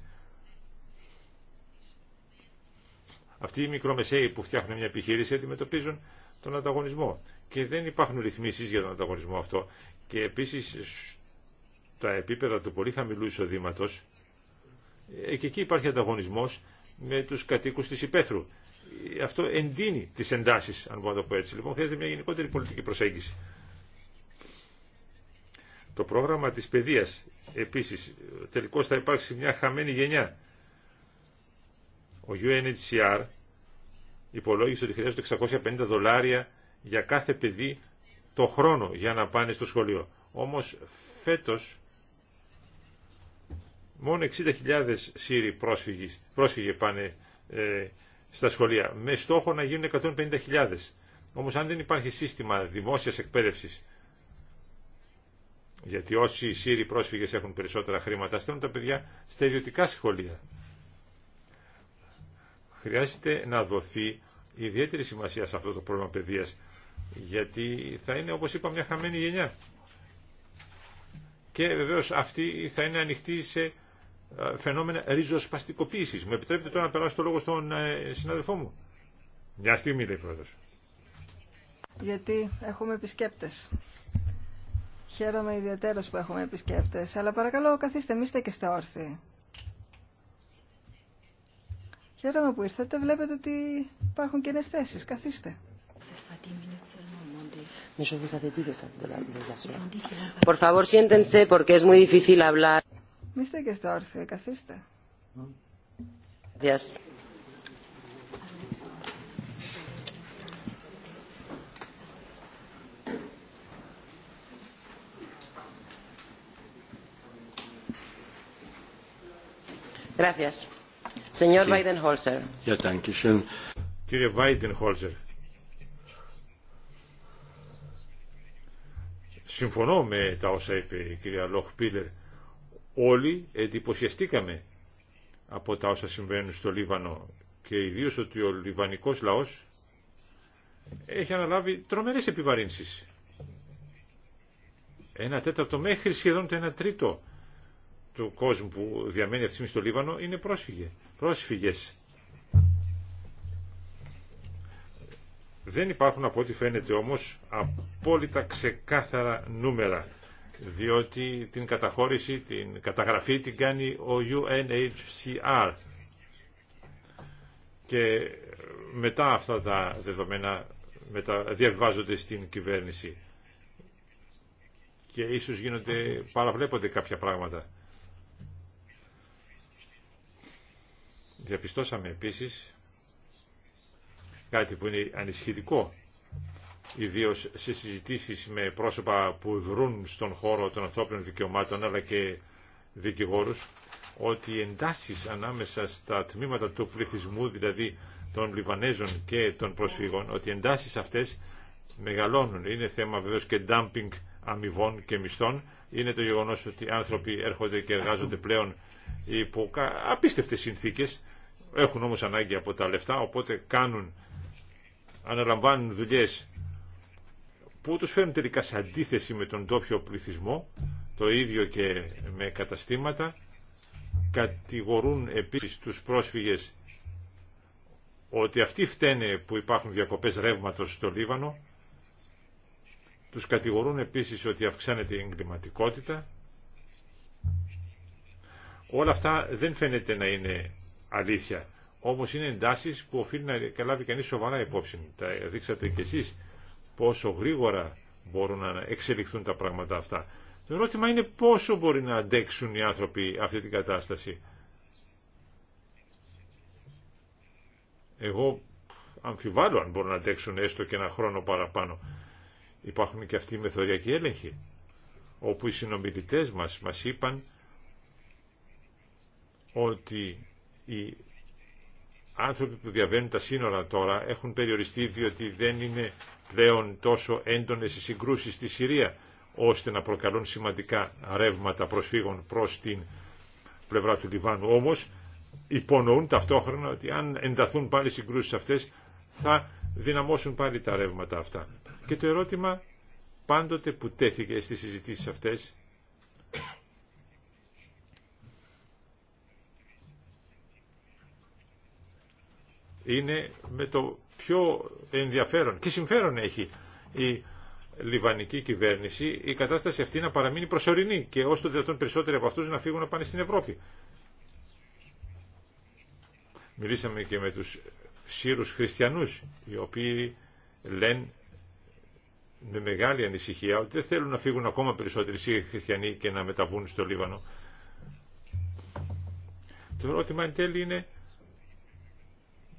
Αυτοί οι μικρομεσαίοι που φτιάχνουν μια επιχείρηση αντιμετωπίζουν τον ανταγωνισμό και δεν υπάρχουν ρυθμίσει για τον ανταγωνισμό αυτό και επίση τα επίπεδα του πολύ χαμηλού εισοδήματο, και εκεί υπάρχει ανταγωνισμός με του κατοίκου τη υπαίθρου. Αυτό εντείνει τι εντάσει αν μπορώ να το πω έτσι. Λοιπόν, χρειάζεται μια γενικότερη πολιτική προσέγγιση. Το πρόγραμμα της παιδείας, επίσης, τελικώς θα υπάρξει μια χαμένη γενιά. Ο UNHCR υπολόγισε ότι χρειάζονται 650 δολάρια για κάθε παιδί το χρόνο για να πάνε στο σχολείο. Όμως φέτος μόνο 60.000 Σύριοι πρόσφυγες, πάνε ε, στα σχολεία με στόχο να γίνουν 150.000. Όμως αν δεν υπάρχει σύστημα δημόσιας εκπαίδευσης γιατί όσοι οι Σύριοι πρόσφυγες έχουν περισσότερα χρήματα στέλνουν τα παιδιά στα ιδιωτικά σχολεία. Χρειάζεται να δοθεί ιδιαίτερη σημασία σε αυτό το πρόβλημα παιδείας γιατί θα είναι όπως είπα μια χαμένη γενιά και βεβαίως αυτή θα είναι ανοιχτή σε ε, φαινόμενα ριζοσπαστικοποίησης. Μου επιτρέπετε τώρα να περάσω το λόγο στον ε, συνάδελφό μου. Μια στιγμή λέει πρόεδρος. Γιατί έχουμε επισκέπτες. Χαίρομαι ιδιαίτερα που έχουμε επισκέπτες. Αλλά παρακαλώ καθίστε, μη και στα όρθιοι. Χαίρομαι που ήρθατε. Βλέπετε ότι υπάρχουν καινέ θέσει. Καθίστε. Por favor, siéntense porque es difícil hablar. Μη καθίστε. Gracias. Κύριε Χόλσερ συμφωνώ με τα όσα είπε η κυρία Λοχπίλερ. Όλοι εντυπωσιαστήκαμε από τα όσα συμβαίνουν στο Λίβανο και ιδίως ότι ο λιβανικός λαός έχει αναλάβει τρομερές επιβαρύνσεις. Ένα τέταρτο μέχρι σχεδόν το ένα τρίτο του κόσμου που διαμένει αυτή τη στιγμή στο Λίβανο είναι πρόσφυγε πρόσφυγες. Δεν υπάρχουν από ό,τι φαίνεται όμως απόλυτα ξεκάθαρα νούμερα διότι την καταχώρηση, την καταγραφή την κάνει ο UNHCR και μετά αυτά τα δεδομένα μετα... διαβιβάζονται στην κυβέρνηση και ίσως γίνονται, παραβλέπονται κάποια πράγματα. Διαπιστώσαμε επίσης κάτι που είναι ανησυχητικό, ιδίω σε συζητήσεις με πρόσωπα που βρούν στον χώρο των ανθρώπινων δικαιωμάτων αλλά και δικηγόρους, ότι οι εντάσεις ανάμεσα στα τμήματα του πληθυσμού, δηλαδή των Λιβανέζων και των προσφύγων, ότι οι εντάσεις αυτές μεγαλώνουν. Είναι θέμα βεβαίως και dumping αμοιβών και μισθών. Είναι το γεγονός ότι οι άνθρωποι έρχονται και εργάζονται πλέον υπό απίστευτες συνθήκες έχουν όμως ανάγκη από τα λεφτά, οπότε κάνουν, αναλαμβάνουν δουλειές που τους φέρνουν τελικά σε αντίθεση με τον τόπιο πληθυσμό, το ίδιο και με καταστήματα. Κατηγορούν επίσης τους πρόσφυγες ότι αυτοί φταίνε που υπάρχουν διακοπές ρεύματος στο Λίβανο. Τους κατηγορούν επίσης ότι αυξάνεται η εγκληματικότητα. Όλα αυτά δεν φαίνεται να είναι αλήθεια. Όμως είναι εντάσει που οφείλει να καλάβει κανεί σοβαρά υπόψη. Τα δείξατε κι εσείς πόσο γρήγορα μπορούν να εξελιχθούν τα πράγματα αυτά. Το ερώτημα είναι πόσο μπορεί να αντέξουν οι άνθρωποι αυτή την κατάσταση. Εγώ αμφιβάλλω αν μπορούν να αντέξουν έστω και ένα χρόνο παραπάνω. Υπάρχουν και αυτοί οι μεθοριακοί έλεγχοι, όπου οι συνομιλητές μας μας είπαν ότι οι άνθρωποι που διαβαίνουν τα σύνορα τώρα έχουν περιοριστεί διότι δεν είναι πλέον τόσο έντονες οι συγκρούσεις στη Συρία ώστε να προκαλούν σημαντικά ρεύματα προσφύγων προς την πλευρά του Λιβάνου. Όμως υπονοούν ταυτόχρονα ότι αν ενταθούν πάλι συγκρούσεις αυτές θα δυναμώσουν πάλι τα ρεύματα αυτά. Και το ερώτημα πάντοτε που τέθηκε στις συζητήσεις αυτές είναι με το πιο ενδιαφέρον και συμφέρον έχει η λιβανική κυβέρνηση η κατάσταση αυτή να παραμείνει προσωρινή και όσο το δυνατόν περισσότεροι από αυτούς να φύγουν να πάνε στην Ευρώπη. Μιλήσαμε και με τους σύρους χριστιανούς οι οποίοι λένε με μεγάλη ανησυχία ότι δεν θέλουν να φύγουν ακόμα περισσότεροι σύροι χριστιανοί και να μεταβούν στο Λίβανο. Το ερώτημα εν τέλει είναι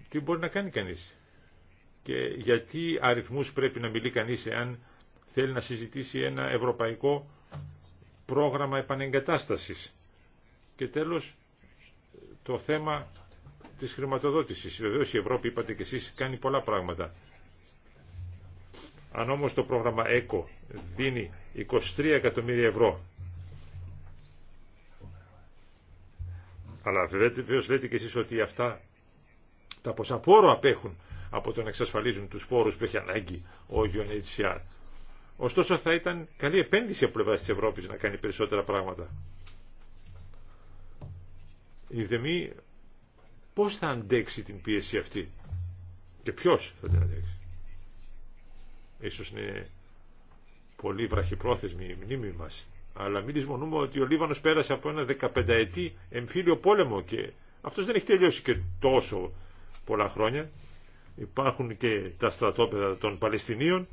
τι μπορεί να κάνει κανείς και γιατί αριθμούς πρέπει να μιλεί κανείς εάν θέλει να συζητήσει ένα ευρωπαϊκό πρόγραμμα επανεγκατάστασης. Και τέλος, το θέμα της χρηματοδότησης. Βεβαίω η Ευρώπη, είπατε και εσείς, κάνει πολλά πράγματα. Αν όμως το πρόγραμμα ΕΚΟ δίνει 23 εκατομμύρια ευρώ, αλλά βεβαίω λέτε και εσείς ότι αυτά τα ποσά πόρο απέχουν από το να εξασφαλίζουν τους πόρους που έχει ανάγκη ο UNHCR. Ωστόσο θα ήταν καλή επένδυση από πλευρά της Ευρώπης να κάνει περισσότερα πράγματα. Η ΔΕΜΗ πώς θα αντέξει την πίεση αυτή και ποιος θα την αντέξει. Ίσως είναι πολύ βραχυπρόθεσμη η μνήμη μας. Αλλά μην δυσμονούμε ότι ο Λίβανος πέρασε από ένα 15 ετή εμφύλιο πόλεμο και αυτός δεν έχει τελειώσει και τόσο πολλά χρόνια. Υπάρχουν και τα στρατόπεδα των Παλαιστινίων.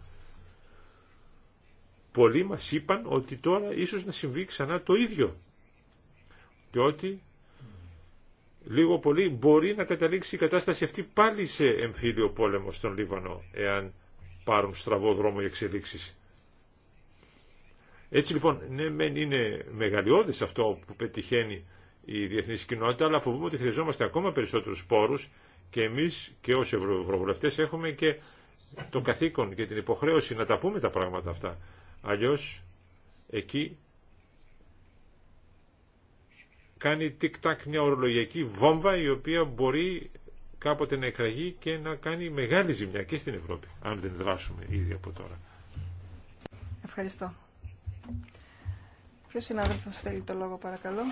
Πολλοί μας είπαν ότι τώρα ίσως να συμβεί ξανά το ίδιο και ότι λίγο πολύ μπορεί να καταλήξει η κατάσταση αυτή πάλι σε εμφύλιο πόλεμο στον Λίβανο εάν πάρουν στραβό δρόμο οι εξελίξεις. Έτσι λοιπόν, ναι μεν είναι μεγαλειώδες αυτό που πετυχαίνει η διεθνής κοινότητα, αλλά φοβούμαι ότι χρειαζόμαστε ακόμα περισσότερους πόρους και εμείς και ως ευρωβουλευτές έχουμε και το καθήκον και την υποχρέωση να τα πούμε τα πράγματα αυτά. Αλλιώς εκεί κάνει τικ-τακ μια ορολογιακή βόμβα η οποία μπορεί κάποτε να εκραγεί και να κάνει μεγάλη ζημιά και στην Ευρώπη, αν δεν δράσουμε ήδη από τώρα. Ευχαριστώ. Ποιος συνάδελφος θέλει το λόγο παρακαλώ.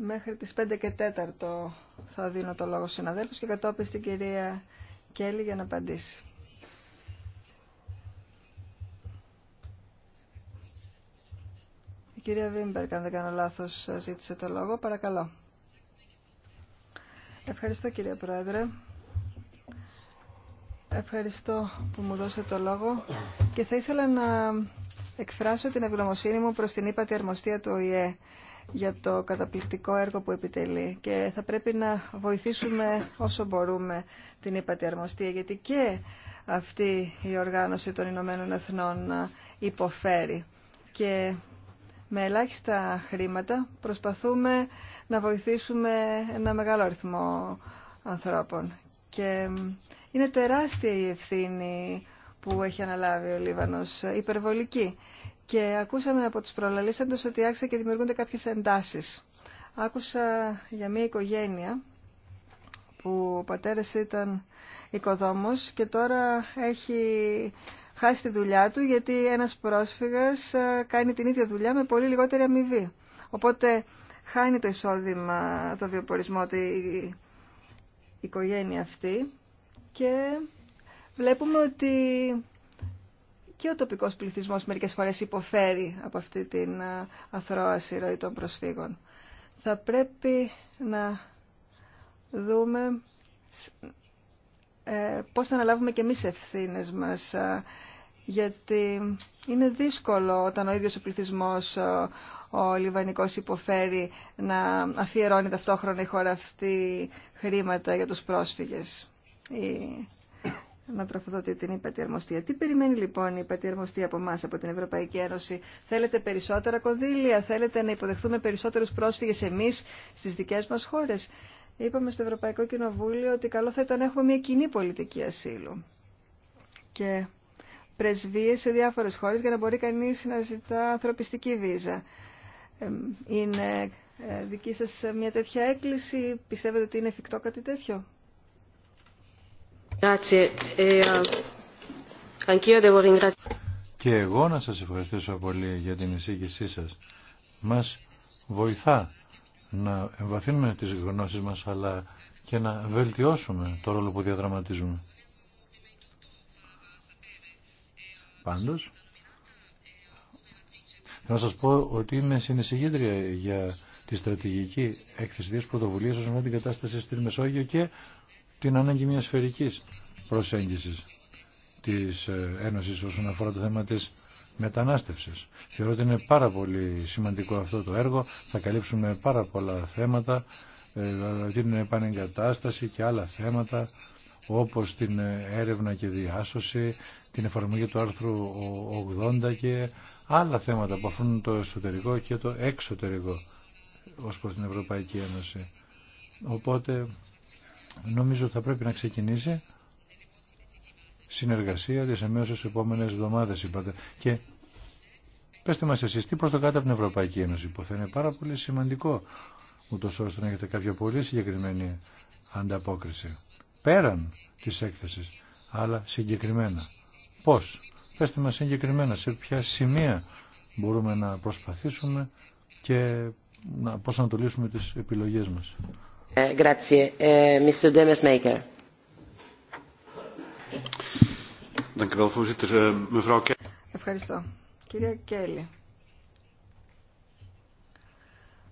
Μέχρι τις 5 και 4 θα δίνω το λόγο στους συναδέλφους και κατόπιν στην κυρία Κέλλη για να απαντήσει. Η κυρία Βίμπερκ, αν δεν κάνω λάθος, ζήτησε το λόγο. Παρακαλώ. Ευχαριστώ κύριε Πρόεδρε. Ευχαριστώ που μου δώσετε το λόγο και θα ήθελα να εκφράσω την ευγνωμοσύνη μου προς την ύπατη αρμοστία του ΟΗΕ για το καταπληκτικό έργο που επιτελεί και θα πρέπει να βοηθήσουμε όσο μπορούμε την Υπα-Τιαρμοστία γιατί και αυτή η οργάνωση των Ηνωμένων Εθνών υποφέρει και με ελάχιστα χρήματα προσπαθούμε να βοηθήσουμε ένα μεγάλο αριθμό ανθρώπων και είναι τεράστια η ευθύνη που έχει αναλάβει ο Λίβανος, υπερβολική και ακούσαμε από τους προλαλήσαντες ότι άρχισε και δημιουργούνται κάποιες εντάσεις. Άκουσα για μια οικογένεια που ο πατέρας ήταν οικοδόμος και τώρα έχει χάσει τη δουλειά του γιατί ένας πρόσφυγας ε, κάνει την ίδια δουλειά με πολύ λιγότερη αμοιβή. Οπότε χάνει το εισόδημα, το βιοπορισμό του η οικογένεια αυτή και βλέπουμε ότι και ο τοπικός πληθυσμός μερικές φορές υποφέρει από αυτή την αθρώαση ροή των προσφύγων. Θα πρέπει να δούμε ε, πώς θα αναλάβουμε και εμείς ευθύνες μας, γιατί είναι δύσκολο όταν ο ίδιος ο πληθυσμός ο Λιβανικός υποφέρει να αφιερώνει ταυτόχρονα η χώρα αυτή χρήματα για τους πρόσφυγες να τροφοδοτεί την ύπατη αρμοστία. Τι περιμένει λοιπόν η ύπατη αρμοστία από εμά, από την Ευρωπαϊκή Ένωση. Θέλετε περισσότερα κονδύλια, θέλετε να υποδεχθούμε περισσότερου πρόσφυγε εμεί στι δικέ μα χώρε. Είπαμε στο Ευρωπαϊκό Κοινοβούλιο ότι καλό θα ήταν να έχουμε μια κοινή πολιτική ασύλου. Και πρεσβείε σε διάφορε χώρε για να μπορεί κανεί να ζητά ανθρωπιστική βίζα. Είναι ε, δική σα μια τέτοια έκκληση, πιστεύετε ότι είναι εφικτό κάτι τέτοιο. E, και εγώ να σας ευχαριστήσω πολύ για την εισήγησή σας. Μας βοηθά να εμβαθύνουμε τις γνώσεις μας αλλά και να βελτιώσουμε το ρόλο που διαδραματίζουμε. Πάντως, θέλω να σας πω ότι είμαι συνεισηγήτρια για τη στρατηγική έκθεση της πρωτοβουλίας όσον την κατάσταση στην Μεσόγειο και την ανάγκη μιας σφαιρικής προσέγγισης της ε, Ένωσης όσον αφορά το θέμα της μετανάστευσης. Θεωρώ ότι είναι πάρα πολύ σημαντικό αυτό το έργο, θα καλύψουμε πάρα πολλά θέματα, ε, την επανεγκατάσταση και άλλα θέματα όπως την έρευνα και διάσωση, την εφαρμογή του άρθρου 80 και άλλα θέματα που αφορούν το εσωτερικό και το εξωτερικό ως προς την Ευρωπαϊκή Ένωση. Οπότε νομίζω θα πρέπει να ξεκινήσει συνεργασία τις αμέσως επόμενες εβδομάδες είπατε και πέστε μας εσείς τι προς το κάτω από την Ευρωπαϊκή Ένωση που θα είναι πάρα πολύ σημαντικό ούτως ώστε να έχετε κάποια πολύ συγκεκριμένη ανταπόκριση πέραν της έκθεσης αλλά συγκεκριμένα πώς πέστε μας συγκεκριμένα σε ποια σημεία μπορούμε να προσπαθήσουμε και να πώς να το λύσουμε τις επιλογές μας. Ευχαριστώ. Κυρία Κέλλη.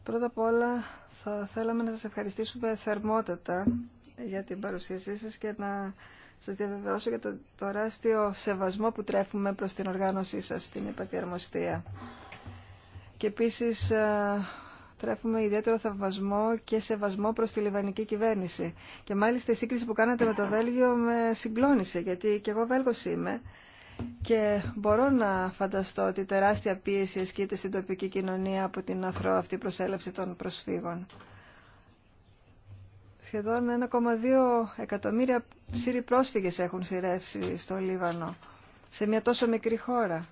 Πρώτα απ' όλα θα θέλαμε να σας ευχαριστήσουμε θερμότατα για την παρουσίασή σας και να σας διαβεβαιώσω για το τεράστιο σεβασμό που τρέφουμε προς την οργάνωσή σας στην υπακερμοστία. Και επίσης ε, τρέφουμε ιδιαίτερο θαυμασμό και σεβασμό προς τη λιβανική κυβέρνηση. Και μάλιστα η σύγκριση που κάνατε με το Βέλγιο με συγκλώνησε, γιατί και εγώ Βέλγος είμαι. Και μπορώ να φανταστώ ότι τεράστια πίεση ασκείται στην τοπική κοινωνία από την αθρώα αυτή προσέλευση των προσφύγων. Σχεδόν 1,2 εκατομμύρια Σύριοι πρόσφυγες έχουν σειρεύσει στο Λίβανο, σε μια τόσο μικρή χώρα.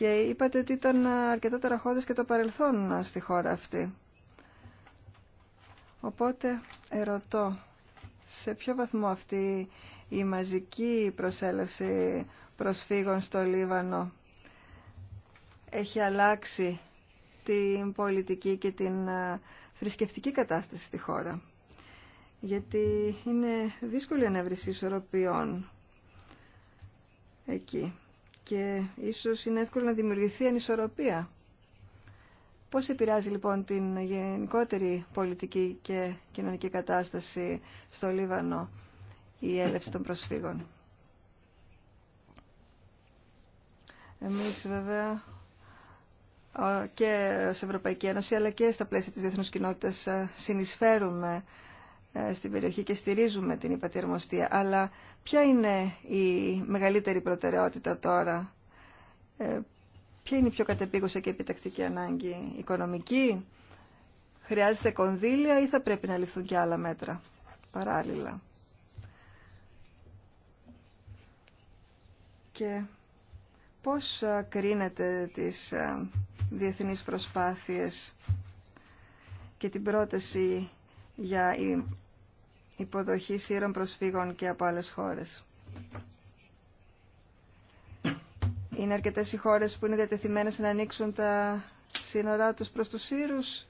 Και είπατε ότι ήταν αρκετά τεραχώδες και το παρελθόν στη χώρα αυτή. Οπότε ερωτώ, σε ποιο βαθμό αυτή η μαζική προσέλευση προσφύγων στο Λίβανο έχει αλλάξει την πολιτική και την θρησκευτική κατάσταση στη χώρα. Γιατί είναι δύσκολη ανέβριση ισορροπιών εκεί και ίσως είναι εύκολο να δημιουργηθεί ανισορροπία. Πώς επηρεάζει λοιπόν την γενικότερη πολιτική και κοινωνική κατάσταση στο Λίβανο η έλευση των προσφύγων. Εμείς βέβαια και ως Ευρωπαϊκή Ένωση αλλά και στα πλαίσια της διεθνούς κοινότητας ε, συνεισφέρουμε ε, στην περιοχή και στηρίζουμε την υπατηρμοστία. Αλλά ποια είναι η μεγαλύτερη προτεραιότητα τώρα, ε, ποια είναι η πιο κατεπίγουσα και επιτακτική ανάγκη, οικονομική, χρειάζεται κονδύλια ή θα πρέπει να ληφθούν και άλλα μέτρα παράλληλα. Και πώς ε, κρίνετε τις διεθνείς προσπάθειες και την πρόταση για υποδοχή σύρων προσφύγων και από άλλες χώρες. Είναι αρκετές οι χώρες που είναι διατεθειμένες να ανοίξουν τα σύνορά τους προς τους σύρους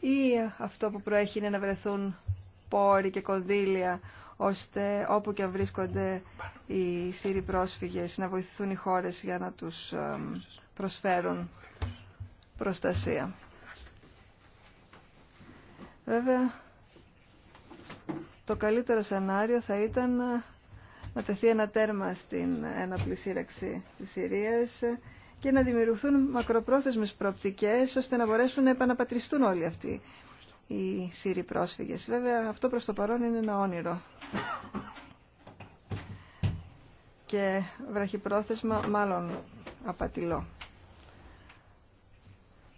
ή αυτό που προέχει είναι να βρεθούν πόροι και κονδύλια ώστε όπου και αν βρίσκονται οι σύροι πρόσφυγες να βοηθούν οι χώρες για να τους προσφέρουν προστασία. Βέβαια, το καλύτερο σενάριο θα ήταν ε, να τεθεί ένα τέρμα στην έναπλη σύραξη της Συρίας και να δημιουργηθούν μακροπρόθεσμες προοπτικές ώστε να μπορέσουν να επαναπατριστούν όλοι αυτοί οι Σύριοι πρόσφυγες. Βέβαια αυτό προς το παρόν είναι ένα όνειρο. Και βραχυπρόθεσμα μάλλον απατηλό.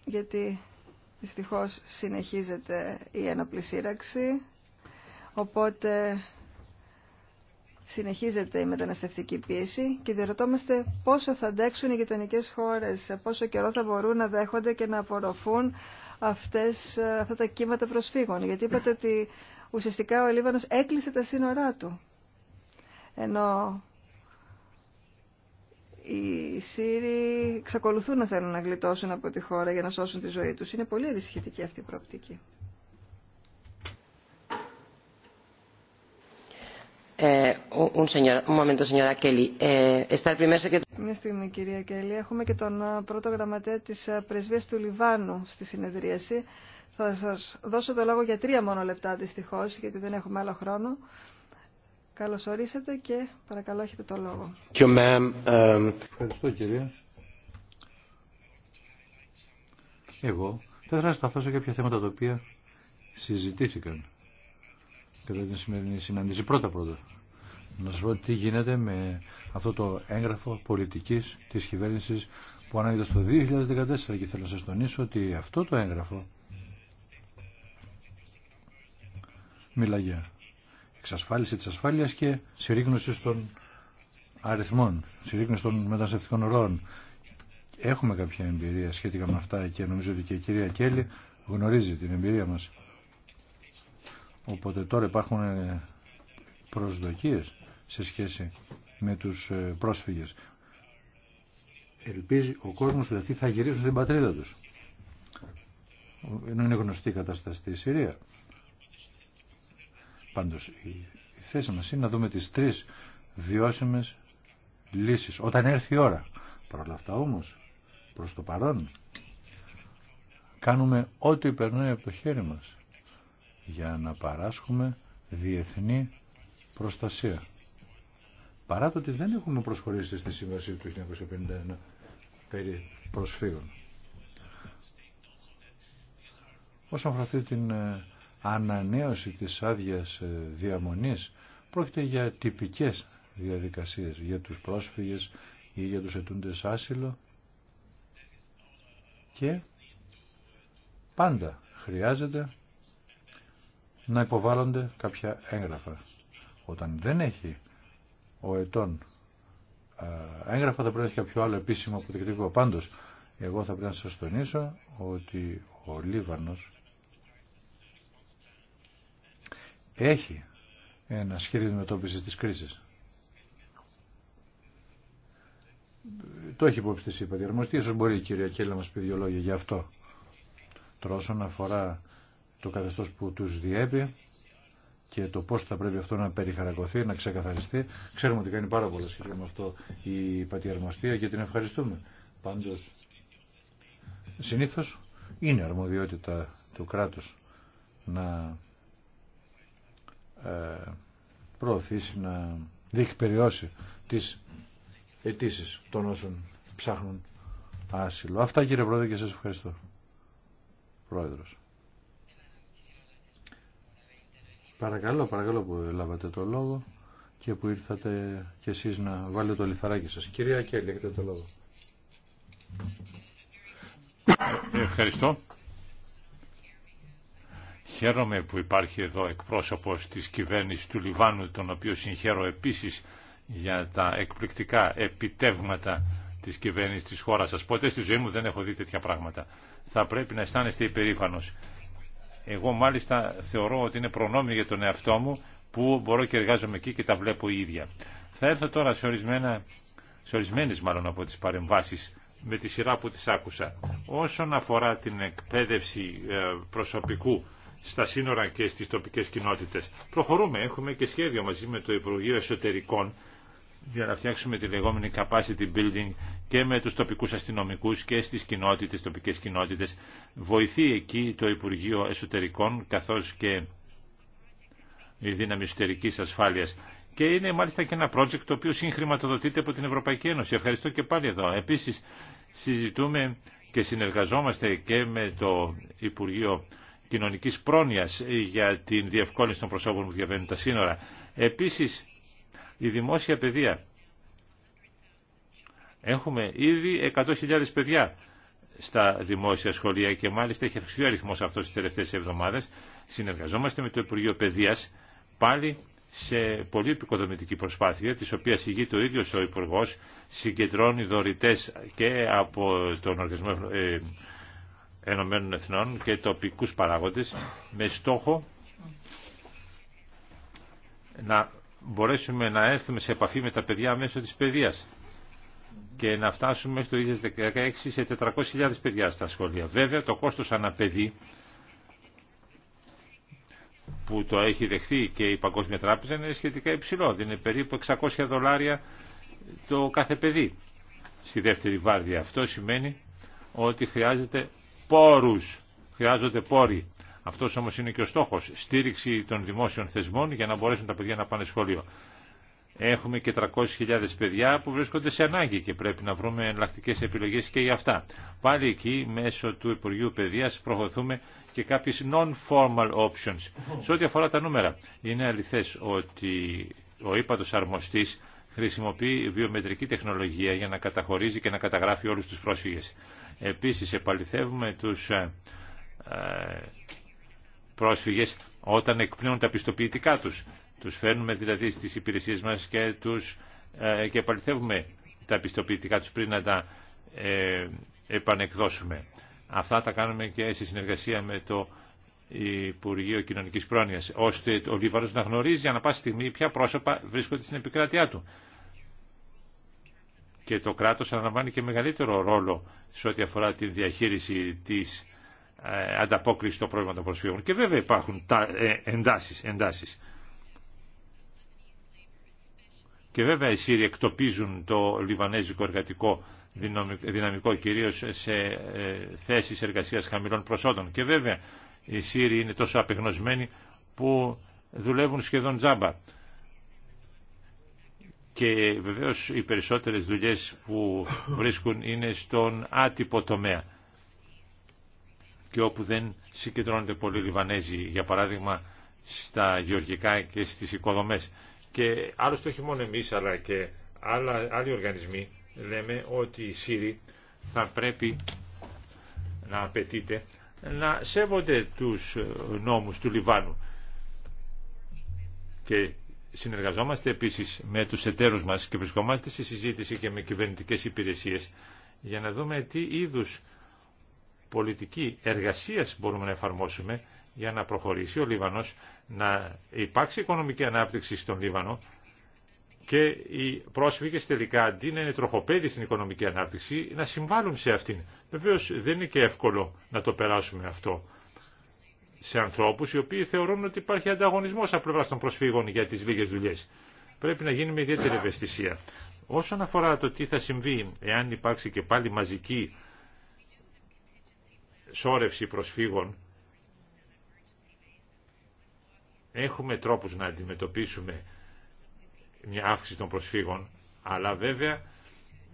Γιατί Δυστυχώς συνεχίζεται η ένοπλη σύραξη, οπότε συνεχίζεται η μεταναστευτική πίεση και διερωτόμαστε πόσο θα αντέξουν οι γειτονικέ χώρες, πόσο καιρό θα μπορούν να δέχονται και να απορροφούν αυτές, αυτά τα κύματα προσφύγων. Γιατί είπατε ότι ουσιαστικά ο Λίβανος έκλεισε τα σύνορά του. Ενώ οι Σύριοι εξακολουθούν να θέλουν να γλιτώσουν από τη χώρα για να σώσουν τη ζωή τους. Είναι πολύ ανησυχητική αυτή η προοπτική. Μια στιγμή κυρία Κέλλη. Έχουμε και τον ε, πρώτο γραμματέα της ε, πρεσβείας του Λιβάνου στη συνεδρίαση. Θα σας δώσω το λόγο για τρία μόνο λεπτά δυστυχώ, γιατί δεν έχουμε άλλο χρόνο. Καλώς ορίσατε και παρακαλώ έχετε το λόγο. Um, Ευχαριστώ κυρία. Εγώ θα ήθελα να σταθώ σε κάποια θέματα τα οποία συζητήθηκαν κατά την σημερινή συνάντηση. Πρώτα πρώτα, να σας πω τι γίνεται με αυτό το έγγραφο πολιτικής της κυβέρνησης που ανάγεται στο 2014 και θέλω να σας τονίσω ότι αυτό το έγγραφο μιλάει για εξασφάλιση της ασφάλειας και συρρήγνωση των αριθμών, συρρήγνωση των μεταναστευτικών ροών. Έχουμε κάποια εμπειρία σχετικά με αυτά και νομίζω ότι και η κυρία Κέλλη γνωρίζει την εμπειρία μας. Οπότε τώρα υπάρχουν ε, προσδοκίες σε σχέση με τους ε, πρόσφυγες. Ελπίζει ο κόσμος ότι θα γυρίσουν στην πατρίδα τους. Ε, ενώ είναι γνωστή η κατάσταση στη Συρία. Πάντως η θέση μας είναι να δούμε τις τρεις βιώσιμες λύσεις όταν έρθει η ώρα. Παρ' όλα αυτά όμως προς το παρόν κάνουμε ό,τι περνάει από το χέρι μας για να παράσχουμε διεθνή προστασία. Παρά το ότι δεν έχουμε προσχωρήσει στη Σύμβαση του 1951 περί προσφύγων. Όσον αφορά την ε, ανανέωση της άδειας ε, διαμονής πρόκειται για τυπικές διαδικασίες για τους πρόσφυγες ή για τους ετούντες άσυλο και πάντα χρειάζεται να υποβάλλονται κάποια έγγραφα. Όταν δεν έχει ο ετών ε, έγγραφα θα πρέπει να έχει κάποιο άλλο επίσημο αποδεικτικό. Πάντως, εγώ θα πρέπει να σας τονίσω ότι ο Λίβανος έχει ένα σχέδιο αντιμετώπιση τη κρίση. Το έχει υπόψη τη είπα διαρμοστή, μπορεί η κυρία Κέλλα να μας πει δύο λόγια για αυτό. Τρόσον να αφορά το καθεστώ που τους διέπει και το πώ θα πρέπει αυτό να περιχαρακωθεί, να ξεκαθαριστεί. Ξέρουμε ότι κάνει πάρα πολλά σχέδια με αυτό η πατιαρμοστία και την ευχαριστούμε. Πάντω, Συνήθω είναι αρμοδιότητα του κράτου να προωθήσει, να περιώσει τις αιτήσει των όσων ψάχνουν άσυλο. Αυτά κύριε Πρόεδρε και σας ευχαριστώ. Πρόεδρος. Παρακαλώ, παρακαλώ που λάβατε το λόγο και που ήρθατε κι εσείς να βάλετε το λιθαράκι σας. Κυρία Κέλλη, έχετε το λόγο. Ευχαριστώ. Χαίρομαι που υπάρχει εδώ εκπρόσωπος της κυβέρνησης του Λιβάνου, τον οποίο συγχαίρω επίσης για τα εκπληκτικά επιτεύγματα της κυβέρνησης της χώρας σας. Ποτέ στη ζωή μου δεν έχω δει τέτοια πράγματα. Θα πρέπει να αισθάνεστε υπερήφανος. Εγώ μάλιστα θεωρώ ότι είναι προνόμιο για τον εαυτό μου που μπορώ και εργάζομαι εκεί και τα βλέπω ίδια. Θα έρθω τώρα σε, ορισμένα, σε ορισμένες μάλλον από τις παρεμβάσεις με τη σειρά που τις άκουσα. Όσον αφορά την εκπαίδευση ε, προσωπικού στα σύνορα και στις τοπικές κοινότητες. Προχωρούμε, έχουμε και σχέδιο μαζί με το Υπουργείο Εσωτερικών για να φτιάξουμε τη λεγόμενη capacity building και με τους τοπικούς αστυνομικούς και στις κοινότητες, τοπικές κοινότητες. Βοηθεί εκεί το Υπουργείο Εσωτερικών καθώς και η δύναμη εσωτερικής ασφάλειας. Και είναι μάλιστα και ένα project το οποίο συγχρηματοδοτείται από την Ευρωπαϊκή Ένωση. Ευχαριστώ και πάλι εδώ. Επίσης συζητούμε και συνεργαζόμαστε και με το Υπουργείο κοινωνικής πρόνοιας για την διευκόλυνση των προσώπων που διαβαίνουν τα σύνορα. Επίσης, η δημόσια παιδεία. Έχουμε ήδη 100.000 παιδιά στα δημόσια σχολεία και μάλιστα έχει αυξηθεί ο αριθμό αυτό τι τελευταίε εβδομάδε. Συνεργαζόμαστε με το Υπουργείο Παιδεία πάλι σε πολύ επικοδομητική προσπάθεια, τη οποία ηγείται ο ίδιο ο Υπουργό, συγκεντρώνει δωρητέ και από τον Οργανισμό ε, Ενωμένων Εθνών και τοπικούς παράγοντες με στόχο να μπορέσουμε να έρθουμε σε επαφή με τα παιδιά μέσω της παιδείας και να φτάσουμε στο το 2016 σε 400.000 παιδιά στα σχολεία. Βέβαια το κόστος παιδί που το έχει δεχθεί και η Παγκόσμια Τράπεζα είναι σχετικά υψηλό. Είναι περίπου 600 δολάρια το κάθε παιδί στη δεύτερη βάρδια. Αυτό σημαίνει ότι χρειάζεται πόρους. Χρειάζονται πόροι. Αυτό όμω είναι και ο στόχο. Στήριξη των δημόσιων θεσμών για να μπορέσουν τα παιδιά να πάνε σχολείο. Έχουμε και 300.000 παιδιά που βρίσκονται σε ανάγκη και πρέπει να βρούμε εναλλακτικέ επιλογέ και για αυτά. Πάλι εκεί, μέσω του Υπουργείου Παιδεία, προχωρούμε και κάποιε non-formal options. Σε ό,τι αφορά τα νούμερα, είναι αληθέ ότι ο ύπατο αρμοστή χρησιμοποιεί βιομετρική τεχνολογία για να καταχωρίζει και να καταγράφει όλου του πρόσφυγε. Επίσης επαληθεύουμε τους ε, ε, πρόσφυγες όταν εκπνέουν τα πιστοποιητικά τους. Τους φέρνουμε δηλαδή στις υπηρεσίες μας και, τους, ε, και επαληθεύουμε τα πιστοποιητικά τους πριν να τα επανεκδώσουμε. Αυτά τα κάνουμε και σε συνεργασία με το Υπουργείο Κοινωνικής Πρόνοιας, ώστε ο Λίβαρος να γνωρίζει ανά πάση στιγμή ποια πρόσωπα βρίσκονται στην επικράτειά του και το κράτος αναλαμβάνει και μεγαλύτερο ρόλο σε ό,τι αφορά τη διαχείριση της ε, ανταπόκρισης των πρόβλημα των προσφύγων. Και βέβαια υπάρχουν ε, εντάσεις, εντάσεις. Και βέβαια οι Σύριοι εκτοπίζουν το λιβανέζικο εργατικό δυναμικό κυρίως σε ε, θέσεις εργασίας χαμηλών προσόντων. Και βέβαια οι Σύριοι είναι τόσο απεγνωσμένοι που δουλεύουν σχεδόν τζάμπα και βεβαίως οι περισσότερες δουλειές που βρίσκουν είναι στον άτυπο τομέα και όπου δεν συγκεντρώνονται πολλοί Λιβανέζοι, για παράδειγμα στα γεωργικά και στις οικοδομές. Και άλλωστε όχι μόνο εμείς αλλά και άλλοι οργανισμοί λέμε ότι οι Σύριοι θα πρέπει να απαιτείται να σέβονται τους νόμους του Λιβάνου και Συνεργαζόμαστε επίσης με τους εταίρους μας και βρισκόμαστε σε συζήτηση και με κυβερνητικές υπηρεσίες για να δούμε τι είδους πολιτική εργασίας μπορούμε να εφαρμόσουμε για να προχωρήσει ο Λίβανος, να υπάρξει οικονομική ανάπτυξη στον Λίβανο και οι πρόσφυγες τελικά αντί να είναι τροχοπέδι στην οικονομική ανάπτυξη να συμβάλλουν σε αυτήν. Βεβαίως δεν είναι και εύκολο να το περάσουμε αυτό σε ανθρώπους οι οποίοι θεωρούν ότι υπάρχει ανταγωνισμός από πλευρά των προσφύγων για τις λίγες δουλειές. Πρέπει να γίνει με ιδιαίτερη ευαισθησία. Όσον αφορά το τι θα συμβεί εάν υπάρξει και πάλι μαζική σώρευση προσφύγων, έχουμε τρόπους να αντιμετωπίσουμε μια αύξηση των προσφύγων, αλλά βέβαια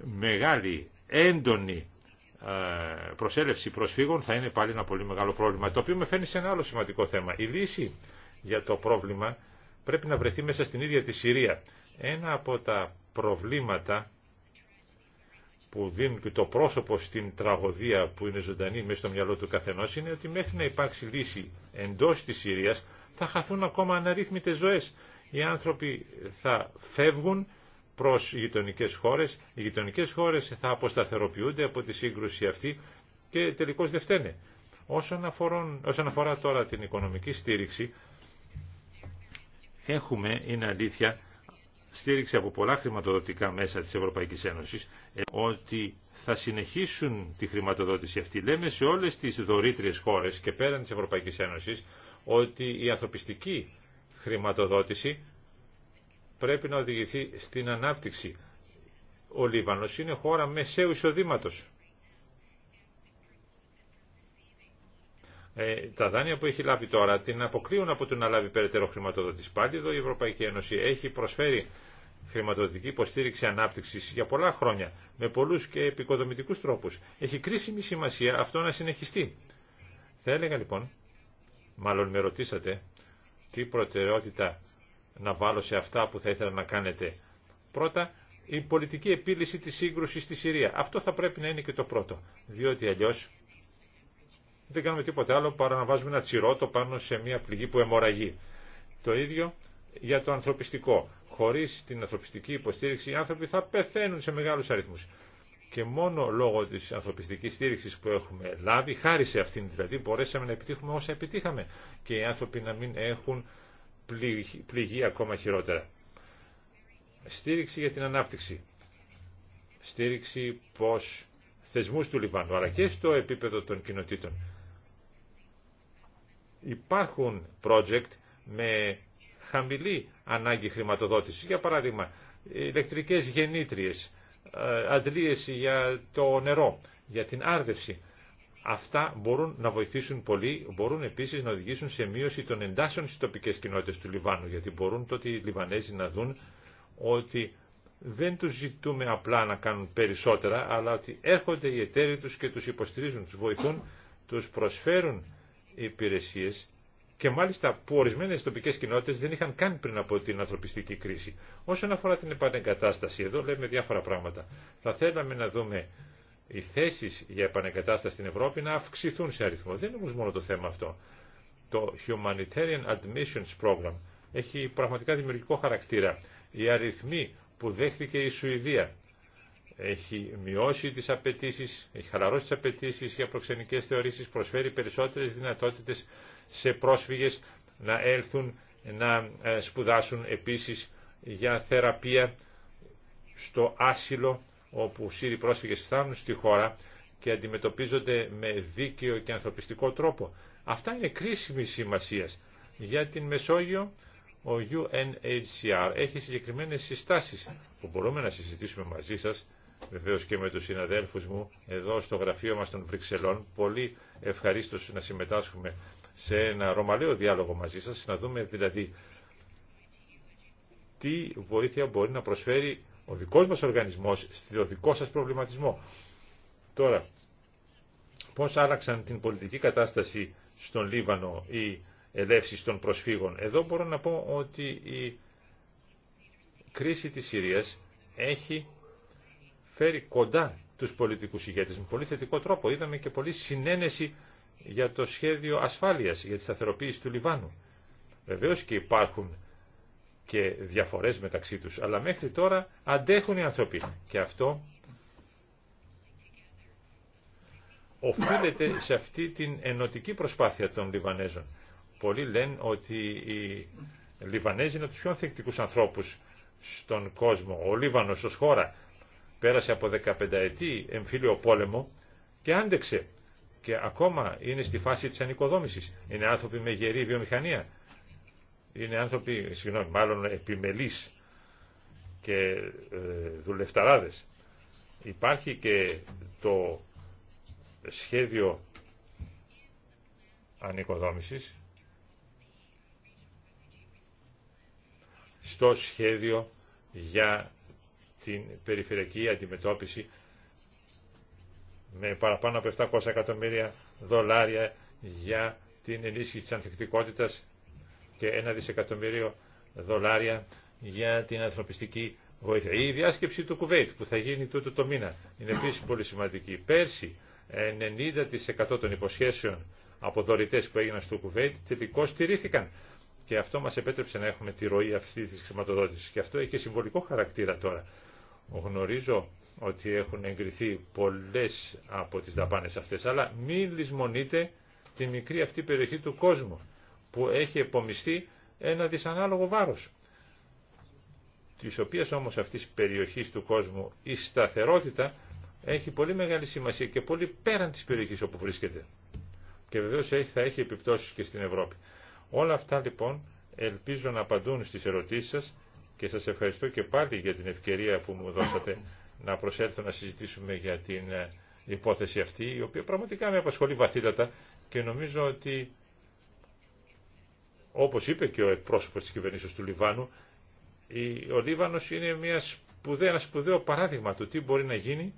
μεγάλη, έντονη ε, προσέλευση προσφύγων θα είναι πάλι ένα πολύ μεγάλο πρόβλημα, το οποίο με φαίνει σε ένα άλλο σημαντικό θέμα. Η λύση για το πρόβλημα πρέπει να βρεθεί μέσα στην ίδια τη Συρία. Ένα από τα προβλήματα που δίνουν και το πρόσωπο στην τραγωδία που είναι ζωντανή μέσα στο μυαλό του καθενός είναι ότι μέχρι να υπάρξει λύση εντός της Συρίας θα χαθούν ακόμα αναρρύθμιτες ζωές. Οι άνθρωποι θα φεύγουν προς γειτονικέ χώρες. Οι γειτονικέ χώρες θα αποσταθεροποιούνται από τη σύγκρουση αυτή και τελικώς δεν φταίνε. Όσον, αφορών, όσον αφορά τώρα την οικονομική στήριξη, έχουμε, είναι αλήθεια, στήριξη από πολλά χρηματοδοτικά μέσα της Ευρωπαϊκής Ένωσης, ε, ότι θα συνεχίσουν τη χρηματοδότηση αυτή. Λέμε σε όλες τις δωρήτριες χώρες και πέραν της Ευρωπαϊκής Ένωσης, ότι η ανθρωπιστική χρηματοδότηση πρέπει να οδηγηθεί στην ανάπτυξη. Ο Λίβανος είναι χώρα μεσαίου εισοδήματο. Ε, τα δάνεια που έχει λάβει τώρα την αποκλείουν από το να λάβει περαιτέρω χρηματοδότηση. Πάλι εδώ η Ευρωπαϊκή Ένωση έχει προσφέρει χρηματοδοτική υποστήριξη ανάπτυξη για πολλά χρόνια με πολλού και επικοδομητικού τρόπου. Έχει κρίσιμη σημασία αυτό να συνεχιστεί. Θα έλεγα λοιπόν, μάλλον με ρωτήσατε, τι προτεραιότητα να βάλω σε αυτά που θα ήθελα να κάνετε. Πρώτα, η πολιτική επίλυση της σύγκρουσης στη Συρία. Αυτό θα πρέπει να είναι και το πρώτο, διότι αλλιώς δεν κάνουμε τίποτα άλλο παρά να βάζουμε ένα τσιρότο πάνω σε μια πληγή που αιμορραγεί. Το ίδιο για το ανθρωπιστικό. Χωρίς την ανθρωπιστική υποστήριξη οι άνθρωποι θα πεθαίνουν σε μεγάλους αριθμούς. Και μόνο λόγω της ανθρωπιστικής στήριξης που έχουμε λάβει, χάρη σε αυτήν δηλαδή, μπορέσαμε να επιτύχουμε όσα επιτύχαμε. Και οι άνθρωποι να μην έχουν πληγεί ακόμα χειρότερα. Στήριξη για την ανάπτυξη. Στήριξη πως θεσμούς του Λιβάνου, αλλά και στο επίπεδο των κοινοτήτων. Υπάρχουν project με χαμηλή ανάγκη χρηματοδότησης. Για παράδειγμα, ηλεκτρικές γεννήτριες, ε, αντλίες για το νερό, για την άρδευση. Αυτά μπορούν να βοηθήσουν πολύ, μπορούν επίσης να οδηγήσουν σε μείωση των εντάσεων στις τοπικές κοινότητες του Λιβάνου, γιατί μπορούν τότε οι Λιβανέζοι να δουν ότι δεν τους ζητούμε απλά να κάνουν περισσότερα, αλλά ότι έρχονται οι εταίροι τους και τους υποστηρίζουν, τους βοηθούν, τους προσφέρουν υπηρεσίες και μάλιστα που ορισμένες τοπικές κοινότητες δεν είχαν καν πριν από την ανθρωπιστική κρίση. Όσον αφορά την επανεγκατάσταση, εδώ λέμε διάφορα πράγματα. Θα θέλαμε να δούμε οι θέσεις για επανεκατάσταση στην Ευρώπη να αυξηθούν σε αριθμό. Δεν είναι όμως μόνο το θέμα αυτό. Το Humanitarian Admissions Program έχει πραγματικά δημιουργικό χαρακτήρα. Η αριθμή που δέχθηκε η Σουηδία έχει μειώσει τις απαιτήσεις, έχει χαλαρώσει τις απαιτήσεις για προξενικές θεωρήσεις, προσφέρει περισσότερες δυνατότητες σε πρόσφυγες να έλθουν να ε, σπουδάσουν επίσης για θεραπεία στο άσυλο όπου Σύριοι πρόσφυγες φτάνουν στη χώρα και αντιμετωπίζονται με δίκαιο και ανθρωπιστικό τρόπο. Αυτά είναι κρίσιμη σημασία. Για την Μεσόγειο, ο UNHCR έχει συγκεκριμένες συστάσεις που μπορούμε να συζητήσουμε μαζί σας, βεβαίως και με τους συναδέλφους μου εδώ στο γραφείο μας των Βρυξελών. Πολύ ευχαρίστως να συμμετάσχουμε σε ένα ρωμαλαίο διάλογο μαζί σας, να δούμε δηλαδή τι βοήθεια μπορεί να προσφέρει ο δικός μας οργανισμός στο δικό σας προβληματισμό. Τώρα, πώς άλλαξαν την πολιτική κατάσταση στον Λίβανο οι ελεύσεις των προσφύγων. Εδώ μπορώ να πω ότι η κρίση της Συρίας έχει φέρει κοντά τους πολιτικούς ηγέτες με πολύ θετικό τρόπο. Είδαμε και πολύ συνένεση για το σχέδιο ασφάλειας, για τη σταθεροποίηση του Λιβάνου. Βεβαίως και υπάρχουν και διαφορές μεταξύ τους, αλλά μέχρι τώρα αντέχουν οι άνθρωποι. Και αυτό οφείλεται σε αυτή την ενωτική προσπάθεια των Λιβανέζων. Πολλοί λένε ότι οι Λιβανέζοι είναι τους πιο ανθεκτικούς ανθρώπους στον κόσμο. Ο Λίβανος ως χώρα πέρασε από 15 ετή εμφύλιο πόλεμο και άντεξε. Και ακόμα είναι στη φάση της ανοικοδόμησης. Είναι άνθρωποι με γερή βιομηχανία, είναι άνθρωποι, συγγνώμη, μάλλον επιμελείς και ε, δουλευταράδες. Υπάρχει και το σχέδιο ανοικοδόμησης στο σχέδιο για την περιφερειακή αντιμετώπιση με παραπάνω από 700 εκατομμύρια δολάρια για την ενίσχυση της ανθεκτικότητας και ένα δισεκατομμύριο δολάρια για την ανθρωπιστική βοήθεια. Η διάσκεψη του Κουβέιτ που θα γίνει τούτο το μήνα είναι επίση πολύ σημαντική. Πέρσι 90% των υποσχέσεων από δωρητέ που έγιναν στο Κουβέιτ τελικώ στηρίθηκαν. Και αυτό μα επέτρεψε να έχουμε τη ροή αυτή τη χρηματοδότηση. Και αυτό έχει και συμβολικό χαρακτήρα τώρα. Γνωρίζω ότι έχουν εγκριθεί πολλέ από τι δαπάνε αυτέ, αλλά μην λησμονείτε τη μικρή αυτή περιοχή του κόσμου που έχει επομιστεί ένα δυσανάλογο βάρος της οποίας όμως αυτής της περιοχής του κόσμου η σταθερότητα έχει πολύ μεγάλη σημασία και πολύ πέραν της περιοχής όπου βρίσκεται. Και βεβαίως θα έχει επιπτώσεις και στην Ευρώπη. Όλα αυτά λοιπόν ελπίζω να απαντούν στις ερωτήσεις σας και σας ευχαριστώ και πάλι για την ευκαιρία που μου δώσατε να προσέλθω να συζητήσουμε για την ε, υπόθεση αυτή η οποία πραγματικά με απασχολεί βαθύτατα και νομίζω ότι όπως είπε και ο εκπρόσωπος της κυβερνήσεως του Λιβάνου, ο Λίβανος είναι μια σπουδαία, ένα σπουδαίο παράδειγμα του τι μπορεί να γίνει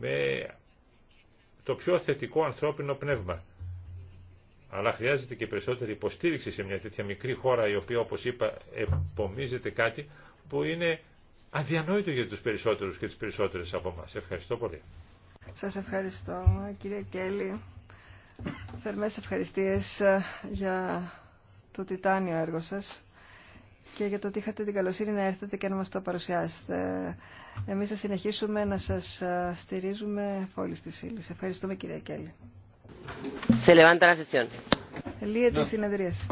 με το πιο θετικό ανθρώπινο πνεύμα. Αλλά χρειάζεται και περισσότερη υποστήριξη σε μια τέτοια μικρή χώρα η οποία όπως είπα επομίζεται κάτι που είναι αδιανόητο για τους περισσότερους και τις περισσότερες από εμάς. Ευχαριστώ πολύ. Σας ευχαριστώ κύριε Κέλλη. Θερμές ευχαριστίες ε, για το τιτάνιο έργο σας και για το ότι είχατε την καλοσύνη να έρθετε και να μας το παρουσιάσετε. Εμείς θα συνεχίσουμε να σας ε, στηρίζουμε όλη της ύλη. Ευχαριστούμε κυρία Κέλλη. Σε levanta la sesión. Λύεται η ναι. συνεδρίαση.